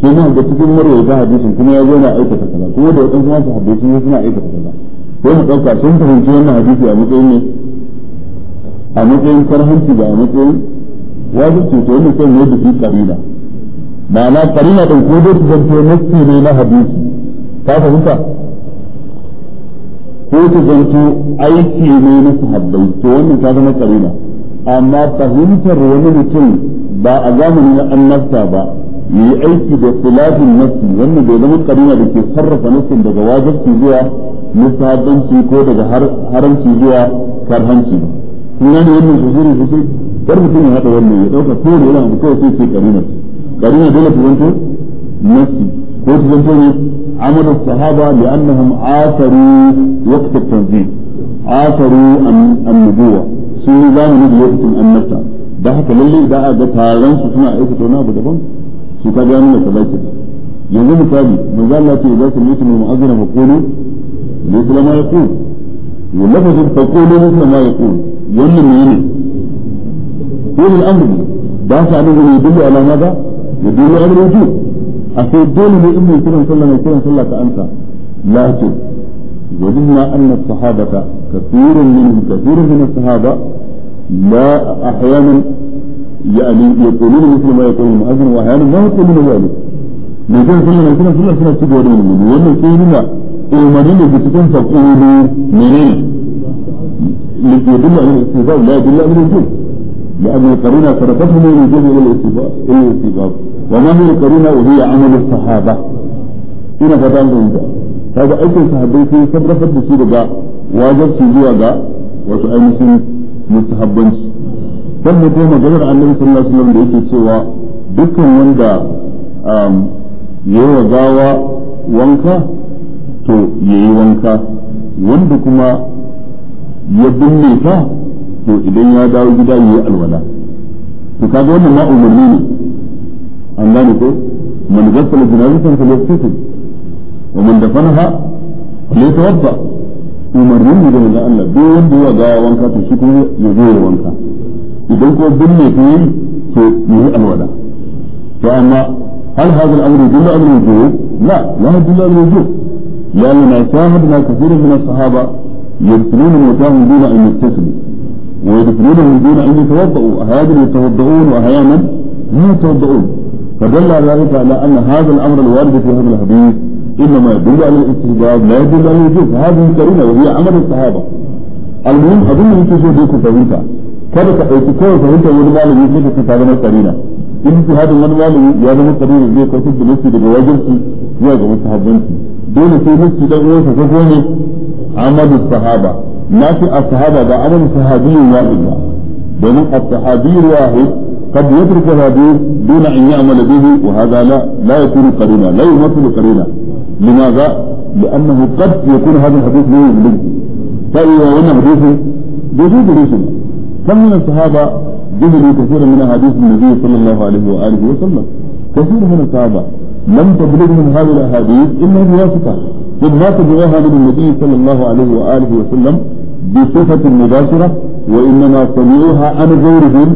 sai na ga cikin marwayacin hadisin kuma ya zo na aikata kaza kuma da wadansu ma sahabbai sun suna aikata kaza sai mu ɗauka sun fahimci wannan hadisi a matsayin ne a matsayin karhanci ba a matsayin wajen to wannan sai ne da fi karina ma'ana karina ɗin ko dai su zanto nassi ne na hadisi ka fahimta ko su zanto aiki ne na sahabbai to wannan ta zama karina amma fahimtar wani mutum ba a zamanin annabta ba yi aiki da filafin nassi wannan bai zama karina da ke sarrafa nassin daga wajibci zuwa na ko daga haramci zuwa karhanci ba kun gane wannan zuhuri zuhuri kar mutum ya haɗa wannan ya ɗauka ko da yana abu kawai sai ce karina karina dole ta zanto nafsi ko ta zanto ne عمل الصحابة لأنهم آثروا وقت التنزيل آثروا النبوة سنة زامن بوقت النبتة da haka lalle za a ga taron su suna aikata wani abu daban su ta gano da kaza ke yanzu misali manzo Allah ce za su mutu mai mu'azzara مثل ما يقول ولفظ فقولوا مثل ما يقول يمن منين كل الامر ده فعلا يدل على ماذا؟ يدل على الوجود أخي الدول لأن يكون صلى الله عليه وسلم أنت لكن وجدنا أن الصحابة كثير منهم كثير من الصحابة لا أحيانا يعني يقولون مثل ما يقول المؤذن وأحيانا ما يقولون ذلك. نجد صلى الله عليه وسلم صلى الله عليه وسلم يقولون umarni da ke cikin sa ƙulu menene ليدل على الاستيفاء لا يدل على الوجوب لأن القرينة صرفته من الوجوب إلى الاستيفاء وما هي القرينة وهي عمل الصحابة هنا فتان ذلك هذا أيضا صحابيتي صرفت بصير بقى واجب سيجوا بقى وسؤال مسلم مستحبنش كم نتوى مجرد عن النبي صلى الله عليه وسلم ليس سوى dukkan wanda yawa gawa wanka to yayi wanka wanda kuma ya binne ta to idan ya dawo gida ya yi alwala to kaga wannan na umarni ne an gane ko man gassala janazatan fa yaghtasil wa man dafanaha falyatawadda umarnin ne daga Allah duk wanda ya ga wanka to shi kuma ya zo ya wanka idan ko binne ta yi to yayi alwala to amma هل هذا الامر يدل على الوجوب؟ لا لا يدل على الوجوب لأننا شاهدنا كثير من الصحابة يدخلون موتاهم دون أن يغتسلوا ويدخلونهم دون أن يتوضؤوا أحيانا يتوضؤون وأحيانا لا يتوضؤون فدل ذلك على أن هذا الأمر الوارد في هذا الحديث إنما يدل على الاستهباب لا يدل على الوجوب هذه كريمة وهي عمل الصحابة المهم أظن أن تشوف ديكم فهمتها kada ka ɗauki kawai fahimtar wani malami sai ka ce ta zama karina in su hadin wani malami ya zama karina zai dole sai nufi dan uwansa ko ne amalu sahaba na fi as-sahaba ba amalu sahabiyyun wahid ba domin قد يترك الحديث دون ان يعمل به وهذا لا لا يكون قرينا لا يمثل قرينا لماذا؟ لانه قد يكون هذا الحديث لا يبلغ فاذا وانا حديثه بيجوز رسل من الصحابه جهلوا كثيرا من احاديث النبي صلى الله عليه واله وسلم كثير من الصحابه لم من هذه الاحاديث الا بواسطه بل لا تبلغها من النبي صلى الله عليه واله وسلم بصفه مباشره وانما سمعوها عن غيرهم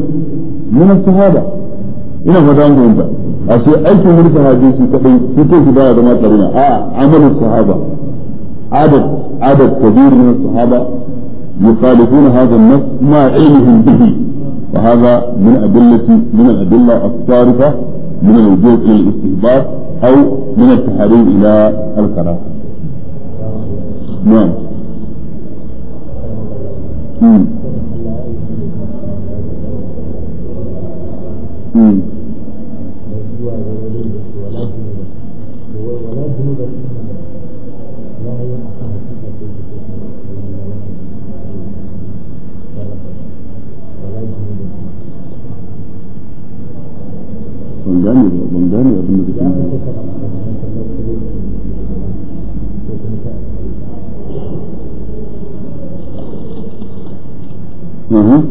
من الصحابه ina فتاة an fahimta a sai aikin wani sahabi shi kadai shi kai shi baya zama عدد عدد amalin sahaba adad يخالفون هذا النص مع علمهم به وهذا من أدلة من الأدلة الصارفة من الوجوه إلى الاستهبال أو من التحريم إلى الكراهة نعم Mm.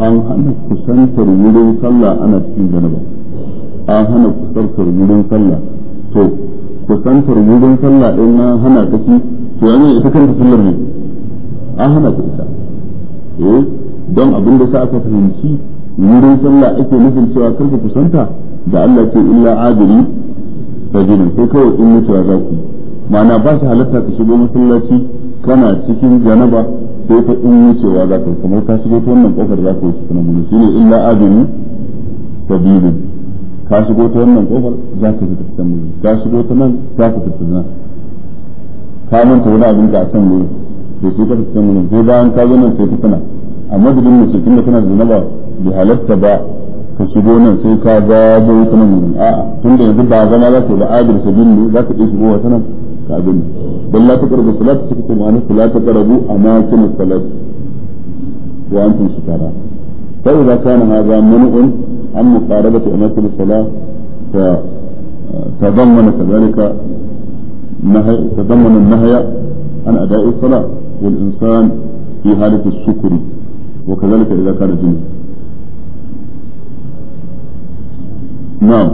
an hana kusantar wurin sallah ana cikin janaba an hana kusantar wurin sallah to kusantar wurin sallah din nan hana ta ki to yana ita kanta sallar ne an hana ta ita eh don abin da sa aka fahimci wurin sallah ake nufin cewa karka kusanta da Allah ce illa ajiri sajidin sai kawai in mutuwa za ku ma'ana ba shi halatta ka shigo masallaci kana cikin janaba sai ta in wucewa za ka kamar ka shigo ta wannan kofar za ka wuce ta nan shine illa abin sabilun ka shigo ta wannan kofar za ka fita ta nan ka shigo ta nan za ka fita ta nan ka manta wani abin da a can wuri to sai ka fita ta nan sai bayan ka zo nan sai ka tana amma madadin mace tun da kana da zanaba da halatta ba ka shigo nan sai ka zabo ta nan a'a tun da yanzu ba zama za ka yi da abin sabilun za ka iya wa ta ka gani dan la taqrabu salata suka kuma ma'ana la taqrabu amakin salat wa antum sukara fa idan kana ma ga mun'un an ta amakin salat fa تضمن كذلك نهي تضمن النهي عن أداء الصلاة والإنسان في حالة الشكر وكذلك idan kana jini na'am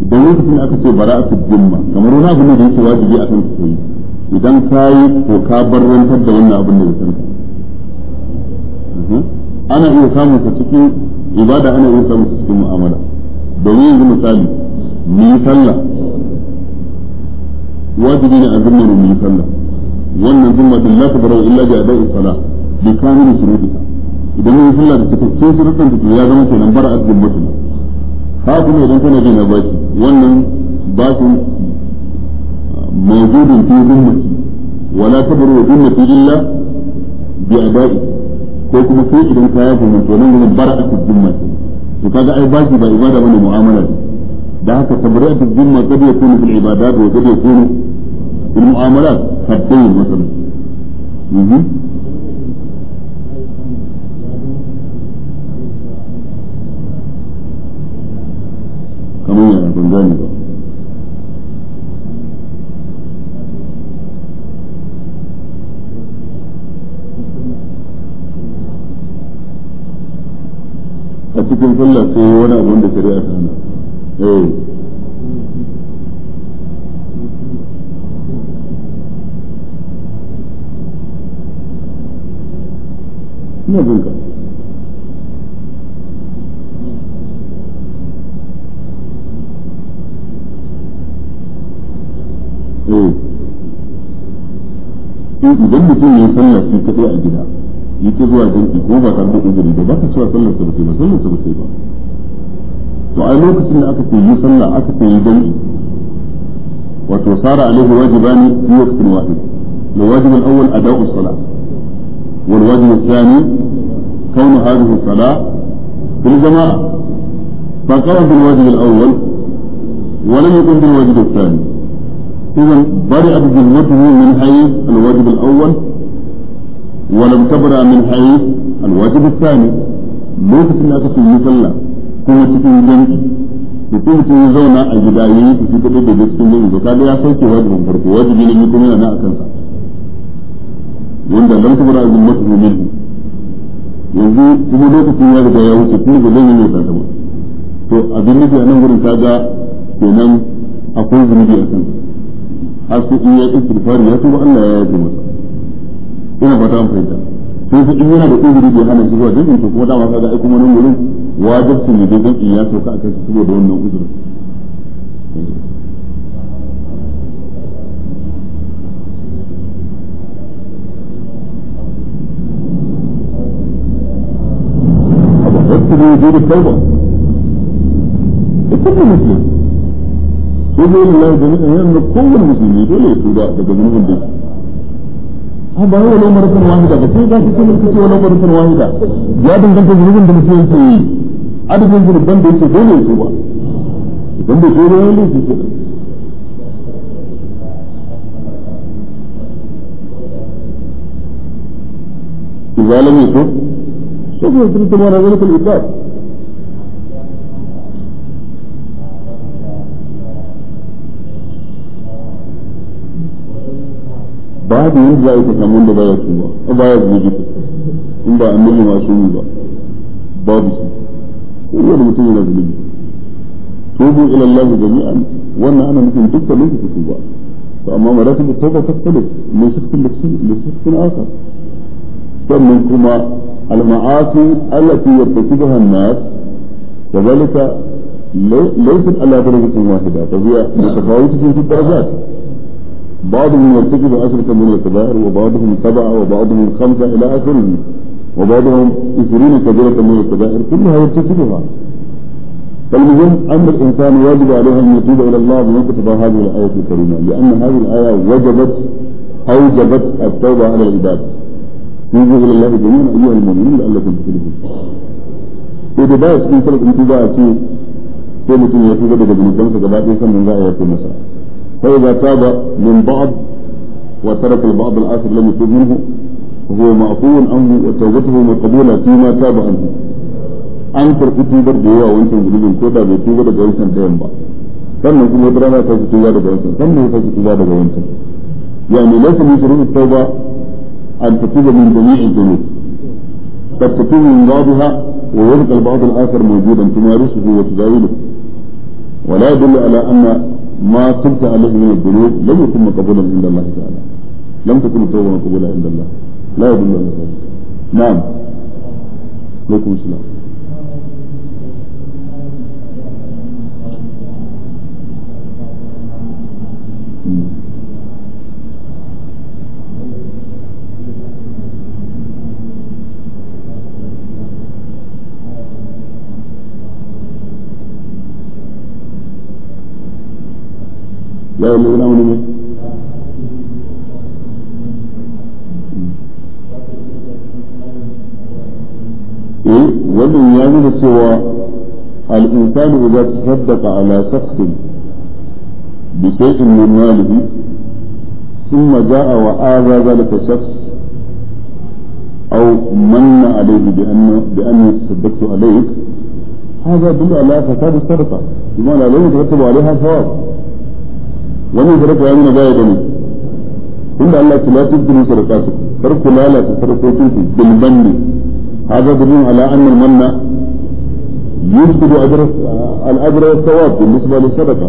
idan lokacin aka ce bara a jimma kamar wani abin da yake wajibi a kan kai idan ka yi ko ka barrantar da wannan abin da ya san ana iya samun ka cikin ibada ana iya samun ka cikin mu'amala domin yanzu misali mu yi sallah wajibi ne a zimma mu yi sallah wannan zimma din la tabarau illa bi ada'i salah bi kamil shurutiha idan mun sallah da cikakken shurutan da ya zama kenan bara a jimma haka kuma idan kana jin bashi wannan bashin mawjudun fi zimmati wala tabaru wa zimmati illa bi abai ko kuma kai idan ka yafi mutu nan gurin bara'atu zimmati to kaga ai bashi ba ibada bane mu'amala da haka tabara'atu zimmati kada ya kunu fil ibadat wa kada ya kunu fil mu'amalat haddai masalan ban gane ba a cikin sallah sai wani abu da shari'a ta hana eh idan mutum ya sallah shi kadai a gida yi ta zuwa jirgi ko ba tare da izini ba ba ka cewa sallar sa ba sallar sa ba ba to a lokacin da aka ce yi sallah aka ce yi jam'i wato sara alaihi wajibani fi waqtin wahid الواجب الأول أداء الصلاة والواجب الثاني كون هذه الصلاة في الجماعة فقام بالواجب الأول bil يكن بالواجب الثاني إذا برئت ذمته من حيث الواجب الأول ولم تبرأ من حيث الواجب الثاني لوكس الناس في المثلى كما تكون جنك يكون في زونا الجدائي في كتب بس كل يوم وكاد يحصل في واجب برك واجب من يكون أنا أكن وإذا لم تبرأ ذمته منه yanzu kuma lokacin ya riga ya wuce tun da zai yi ta to abin da ke nan wurin kaga kenan akwai zunubi a kansa har sai in ya istighfar ya tuba Allah ya yafe masa ina fata an fahimta sai sai yana da uzuri da hana shi zuwa jami'i to kuma dama kaga ai kuma nan gurin wajibcin ne dai jami'i ya sauka akan shi saboda wannan uzurin وجود التوبة التوبة مثله tuba lillahi jami'an yana da kowane musulmi dole ya tuba daga zunubin da a ba yau lamar sun wahida ba sai ga shi kuma kace wala lamar sun wahida ya danganta zunubin da mutum yake yi adadin zunuban da yake dole ya tuba idan da tuba ya laifi kenan إذا لم يتب سوف يترك ما نزلت babu wanda za a yi ka samu wanda baya tuba a baya gobe in ba annabi masu yi ba babu shi kowane mutum yana zunubi tubu ila Allah jami'an wannan ana nufin dukkanin ku tuba to amma maratib tauba tattalo ne shirkin da shirkin aka sannan kuma al-ma'asi allati yartakibuha an-nas kadhalika ليست على درجة واحدة فهي متفاوتة في الدرجات بعضهم يرتكب عشرة من الكبائر وبعضهم سبعة وبعضهم خمسة إلى آخره وبعضهم عشرين كبيرة من الكبائر كلها يرتكبها فالمهم أن الإنسان واجب عليه أن يتوب إلى الله بما كتب هذه الآية الكريمة لأن هذه الآية وجبت أوجبت التوبة على العباد توبوا إلى الله جميعا أيها المؤمنون لعلكم تفلحون في بداية سلسلة في كلمة يتوب إلى ابن الجنة كبائر يسمى لا يكون فإذا تاب من بعض وترك البعض الآخر لم يتوب منه فهو معفو عنه وتوبته مقبولة فيما تاب عنه an karɓi tubar da yawa wancan zunubin ko da bai tuba daga wancan ɗayan ba sannan kuma wata rana ta tuba daga wancan sannan ya sake tuba daga wancan yani laysa min shuru'i tauba an tatuba min jami'i dhunub قد تكون من بعضها ويبقى البعض الآخر موجودا تمارسه وتداوله ولا يدل على أن ما تبت عليه من الذنوب لم يكن مقبولا عند الله تعالى لم تكن التوبة مقبولة عند الله لا يدل على ذلك نعم عليكم السلام لا يؤمنون به إيه؟ ومن يعمل الإنسان إذا تصدق على شخص بشيء من ماله ثم جاء وآذى ذلك الشخص أو من عليه بأني تصدقت عليك هذا دل على فساد السرقة بمعنى لو يترتب عليها ثواب wannan sadaka ya nuna baya da ne inda Allah ya la tubdu sadaqatu kar ku lalata sadakokin ku bil banni hada dalilun ala anna manna yusbidu ajra al ajra wa thawab بالنسبه للصدقه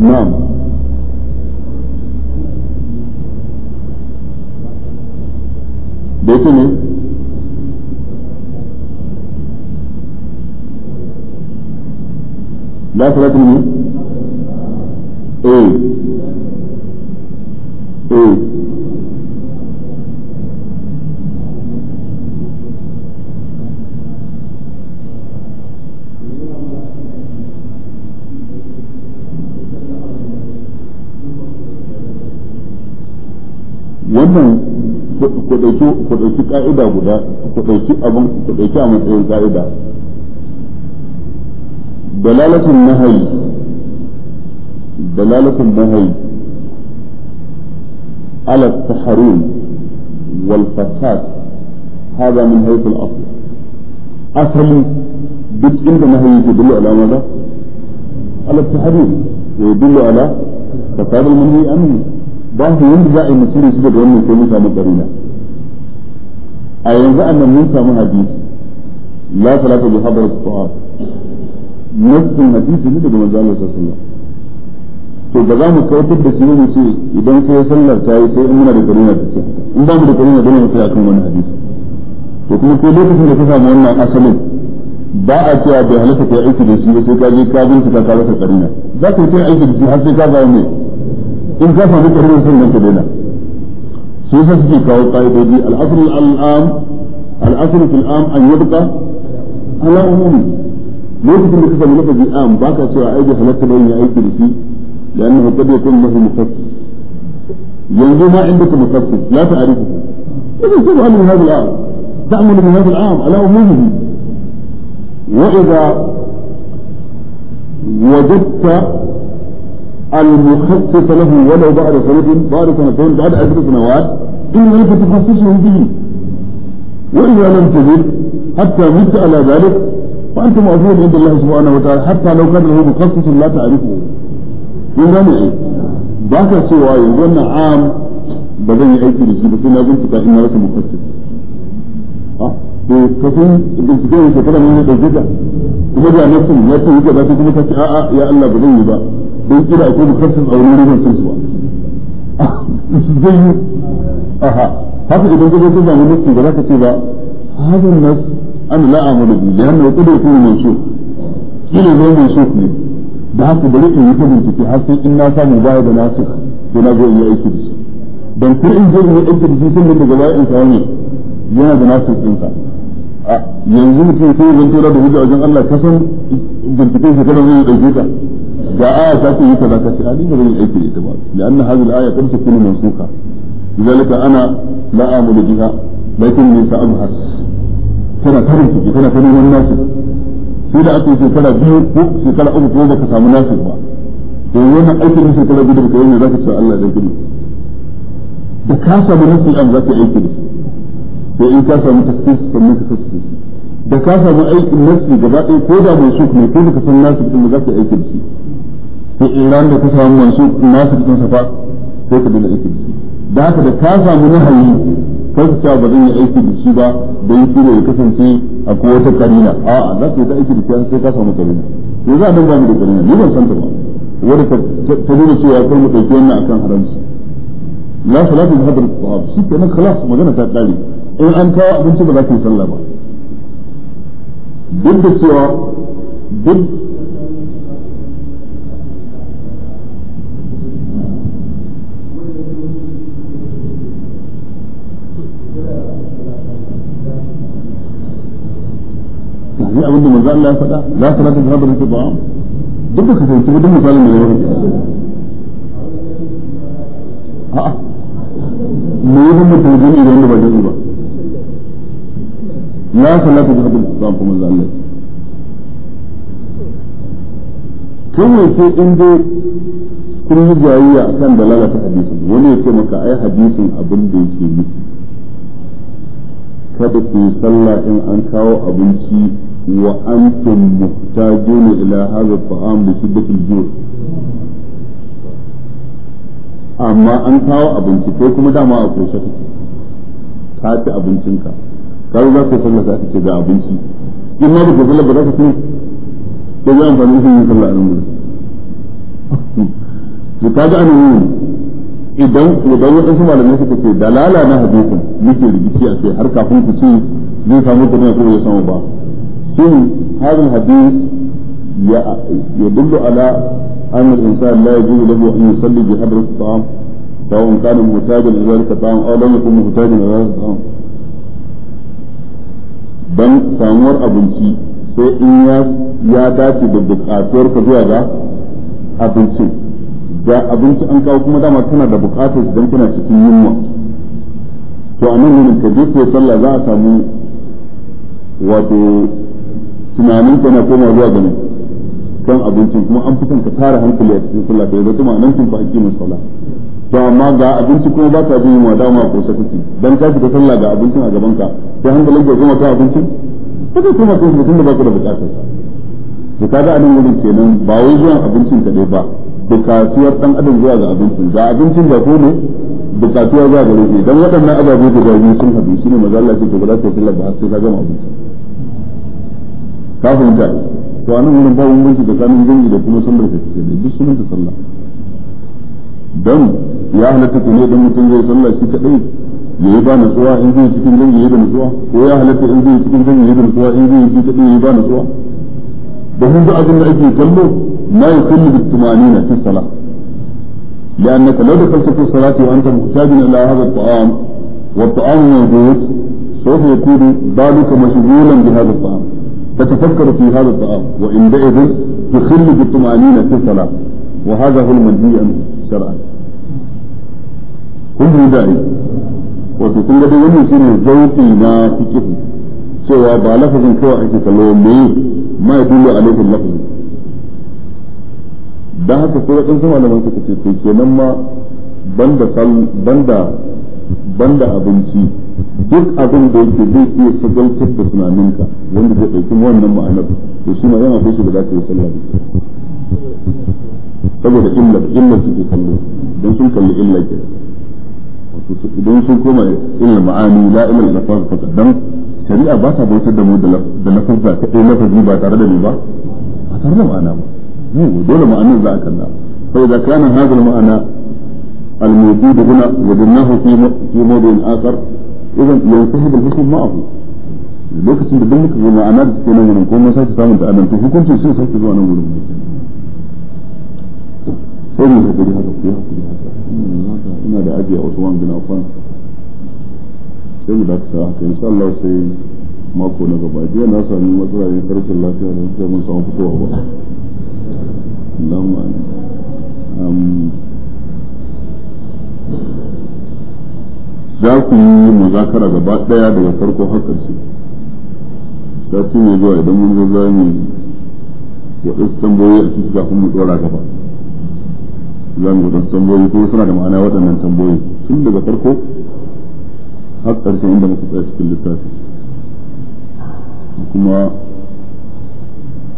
نعم بيتني la salatul mu eh eh wannan ku ɗauki ka'ida guda ku ɗauki abin ku ɗauki a matsayin ka'ida دلالة النهي دلالة النهي على التحريم والفساد هذا من حيث الأصل أصل بس إنت نهي يدل على ماذا؟ على التحريم ويدل على فساد المنهي أمني ده ينزع أن يصير يسجد وأن يكون يسامى الدرينة أي ينزع أن من يسامى لا ثلاثة بحضرة الصحابة nassin hadisi ne daga manzo Allah sallallahu alaihi to ba za mu kautar da shi mu ce idan kai sallar ta yi sai in muna da karina ta ce in ba mu da karina dole mu tsaya kan wani hadisi to kuma ko lokacin da ka samu wannan asalin ba a cewa bai halatta kai aiki da shi ba sai ka je ka bincika ka rasa karina za ka yi aiki da shi har sai ka zama mai in ka samu karina sannan ka daina su yasa suke kawo ƙa'idodi al'asr al'am al'asr fil am an yabqa ala umumi lokacin da kuka lafazi am ba ka cewa aiki halatta bayan ya aiki da shi da annahu qad yakun lahu mufassil yanzu ma indaka mufassil la ta'rifu إذا تبع من هذا العام تعمل من هذا العام على أمومه وإذا وجدت المخصص له ولو بعد سنة بعد سنتين بعد عشر سنوات إنك تخصصه به وإذا لم تجد حتى مت على ذلك وأنت معذور عند الله سبحانه وتعالى حتى لو كان له مخصص لا تعرفه من غني ذاك سوى يظن عام بدأ بس قلت لك مخصص ya ce yake za su kuma ta ce ba zan yi ba don kira akwai mukassin a wurin rufin sun suwa zai yi aha ba أنا لا أعمل به لأنه قد يكون منسوخ إلى غير منسوخ لي da haka bari in yi ta bincike har sai in na samu baya da nasu sai na zo in yi aiki da shi ban sai in zo in yi aiki da shi sun daga baya in samu ne yana da nasu ɗinsa yanzu mutum sai zan tura da hujja wajen Allah ka san binciken shi kada zai dauke ta ga aya ta ce yi kaza ka ce ali ba zan aiki da ita ba lianna hadhihi al-aya qad takunu mansukha lidhalika ana la a'malu biha lakin ni sa'abhas tana ta bincike tana ta neman nasu sai da aka yi shekara biyu ko shekara uku ko baka samu nasu ba to wannan aikin na shekara biyu da baka yi ne ka ce Allah da gini da ka samu nasu an zaka aiki da sai in ka samu tasbih sannan ka tasbih da ka samu aikin nasu gaba ɗaya ko da mai suk ne ko baka san nasu din da zaka aiki da shi sai in ran da ka samu masu nasu din safa sai ka dole aiki da shi da haka da ka samu nahayi kar su cewa ba zan yi aiki da shi ba don shi ne ya kasance a kowace karina a a za su yi ta aiki da shi sai ka samu karina za a nan ba da karina ne ban santa ba wadda ta nuna cewa kai mu ɗauki wannan akan haramci la salatu bi hadar sahab shi ke kenan khalas magana ta kare in an kawo abinci ba za ka yi sallah ba duk da cewa duk da manzo Allah ya faɗa za su rata sabar da ba duk ka fahimci duk misalin da yau a'a me yi mun mutum jini da wanda ba jini ba la salatu bi rabbil islam kuma zalli kawai sai in dai kun yi jayayya akan dalala ta hadisin wani ya ce maka ai hadisin abin da yake nufi kada ku yi sallah in an kawo abinci وأنتم محتاجون إلى هذا الطعام لشدة الجوع أما أنت أبنتي كيكم دام أكوشك كاتي أبنتنك قالوا لا لك تصلى كاتي كذا أبنتي إما بتصلى براك تنين كذا أنفعني في يصلى أنا kaga an yi idan idan wadansu malamai suka ce dalala na hadisin muke rubuci a kai har kafin ku ce zai samu kuma ya kuma ya samu ba shin هذا الحديث يدل على أن الإنسان لا يجوز له أن يصلي بحضرة الطعام سواء كان محتاجا إلى ذلك الطعام أو لم يكن محتاجا إلى ذلك الطعام dan samuwar abinci sai in ya dace da bukatuwar ka zuwa ga abinci da abinci an kawo kuma dama tana da bukatar don tana cikin yunwa to a nan ne ka je sallah za a samu wato tunanin ka na koma zuwa ganin kan abincin kuma an fi ka tara hankali a cikin sallah da yanzu kuma nan kun fa aqimu sallah to amma ga abinci kuma ba ka jin wada ma ko sakuci dan ka shiga sallah ga abincin a gaban ka sai hankalin ka kuma ka abincin sai ka kuma kun mutum da ba ku da bukatar sa to kaga anan wurin kenan ba wai zuwan abincin kadai ba da kasuwar dan adam zuwa ga abincin ga abincin da ko ne bukatuwa zuwa ga rufe don waɗannan ababe da yi sun haɗu shi ne maza Allah ce to ba ta yi sallar ba sai ka gama abinci ka fahimta to a nan wurin ba mun da tsakanin gangi da kuma sallar ka ce duk sunan ta sallah dan ya halatta ko ne dan mutum zai sallah shi kadai ya yi ba nutsuwa in zai cikin gangi ya da nutsuwa ko ya halatta in zai cikin gangi ya da nutsuwa in zai shi kadai ya yi ba nutsuwa da hin abin da ake kallo ma yakunu bitumanina fi salah لأنك لو دخلت في الصلاة وأنت محتاج إلى هذا الطعام والطعام موجود سوف يكون بالك مشغولا بهذا الطعام تتفكر في هذا الطعام وعندئذ تخل بالطمأنينة في الصلاة وهذا هو المنهي عنه شرعا kun yi da'i wato kun ga dai wannan shine zauki na fiqh cewa ba lafazin kawai ake kallo me ma dan haka sai wadan sama da suka ce to kenan ma banda banda banda abinci duk abin da yake zai iya shagaltar da tunaninka wanda zai ɗauki wannan ma'anar to shi ma yana kusa da za ka yi sallah saboda illar illar suke kallo don sun kalli illar ke don sun koma illar ma'ani la illar lafaz fakat dan shari'a ba ta bautar da mu da lafazza kaɗai lafazi ba tare da ni ba ba tare da ma'ana ba yau dole ma'anar za a kalla فإذا كان هذا المعنى الموجود هنا وجدناه في في موضع آخر idan yansahi bil hukm ma'ahu lokacin da duk muka ga da take nan gurin ko mun ta samun ta anan to hukuncin sai sake zuwa nan gurin ne sai mu hakuri da ajiya wasu wani bin afan sai mu dakata haka insha Allah sai mako na gaba jiya na sami matsala ne karshen lafiya da sai mun samu za ku yi muzakara gaba daya daga farko har ƙarshe sati mai zuwa idan mun zo za mu waɗansu tambayoyi a cikin kafin mu tsora gaba za mu waɗansu tambayoyi ko suna da ma'ana waɗannan tambayoyi tun daga farko har ƙarshen inda muka tsaya cikin littafi kuma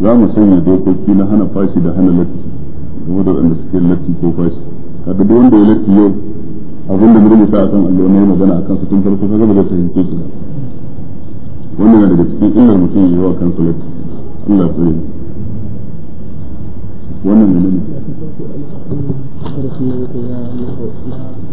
za mu sanya dokoki na hana fashi da hana latti game da waɗanda suke latti ko fashi kaga duk wanda ya latti yau abin da murin sa a allo ne magana akan su tun farko kaga ba zai fahimce su wannan na daga cikin illar mutum ya yi wa kansa lati Allah ya tsare wannan ne ne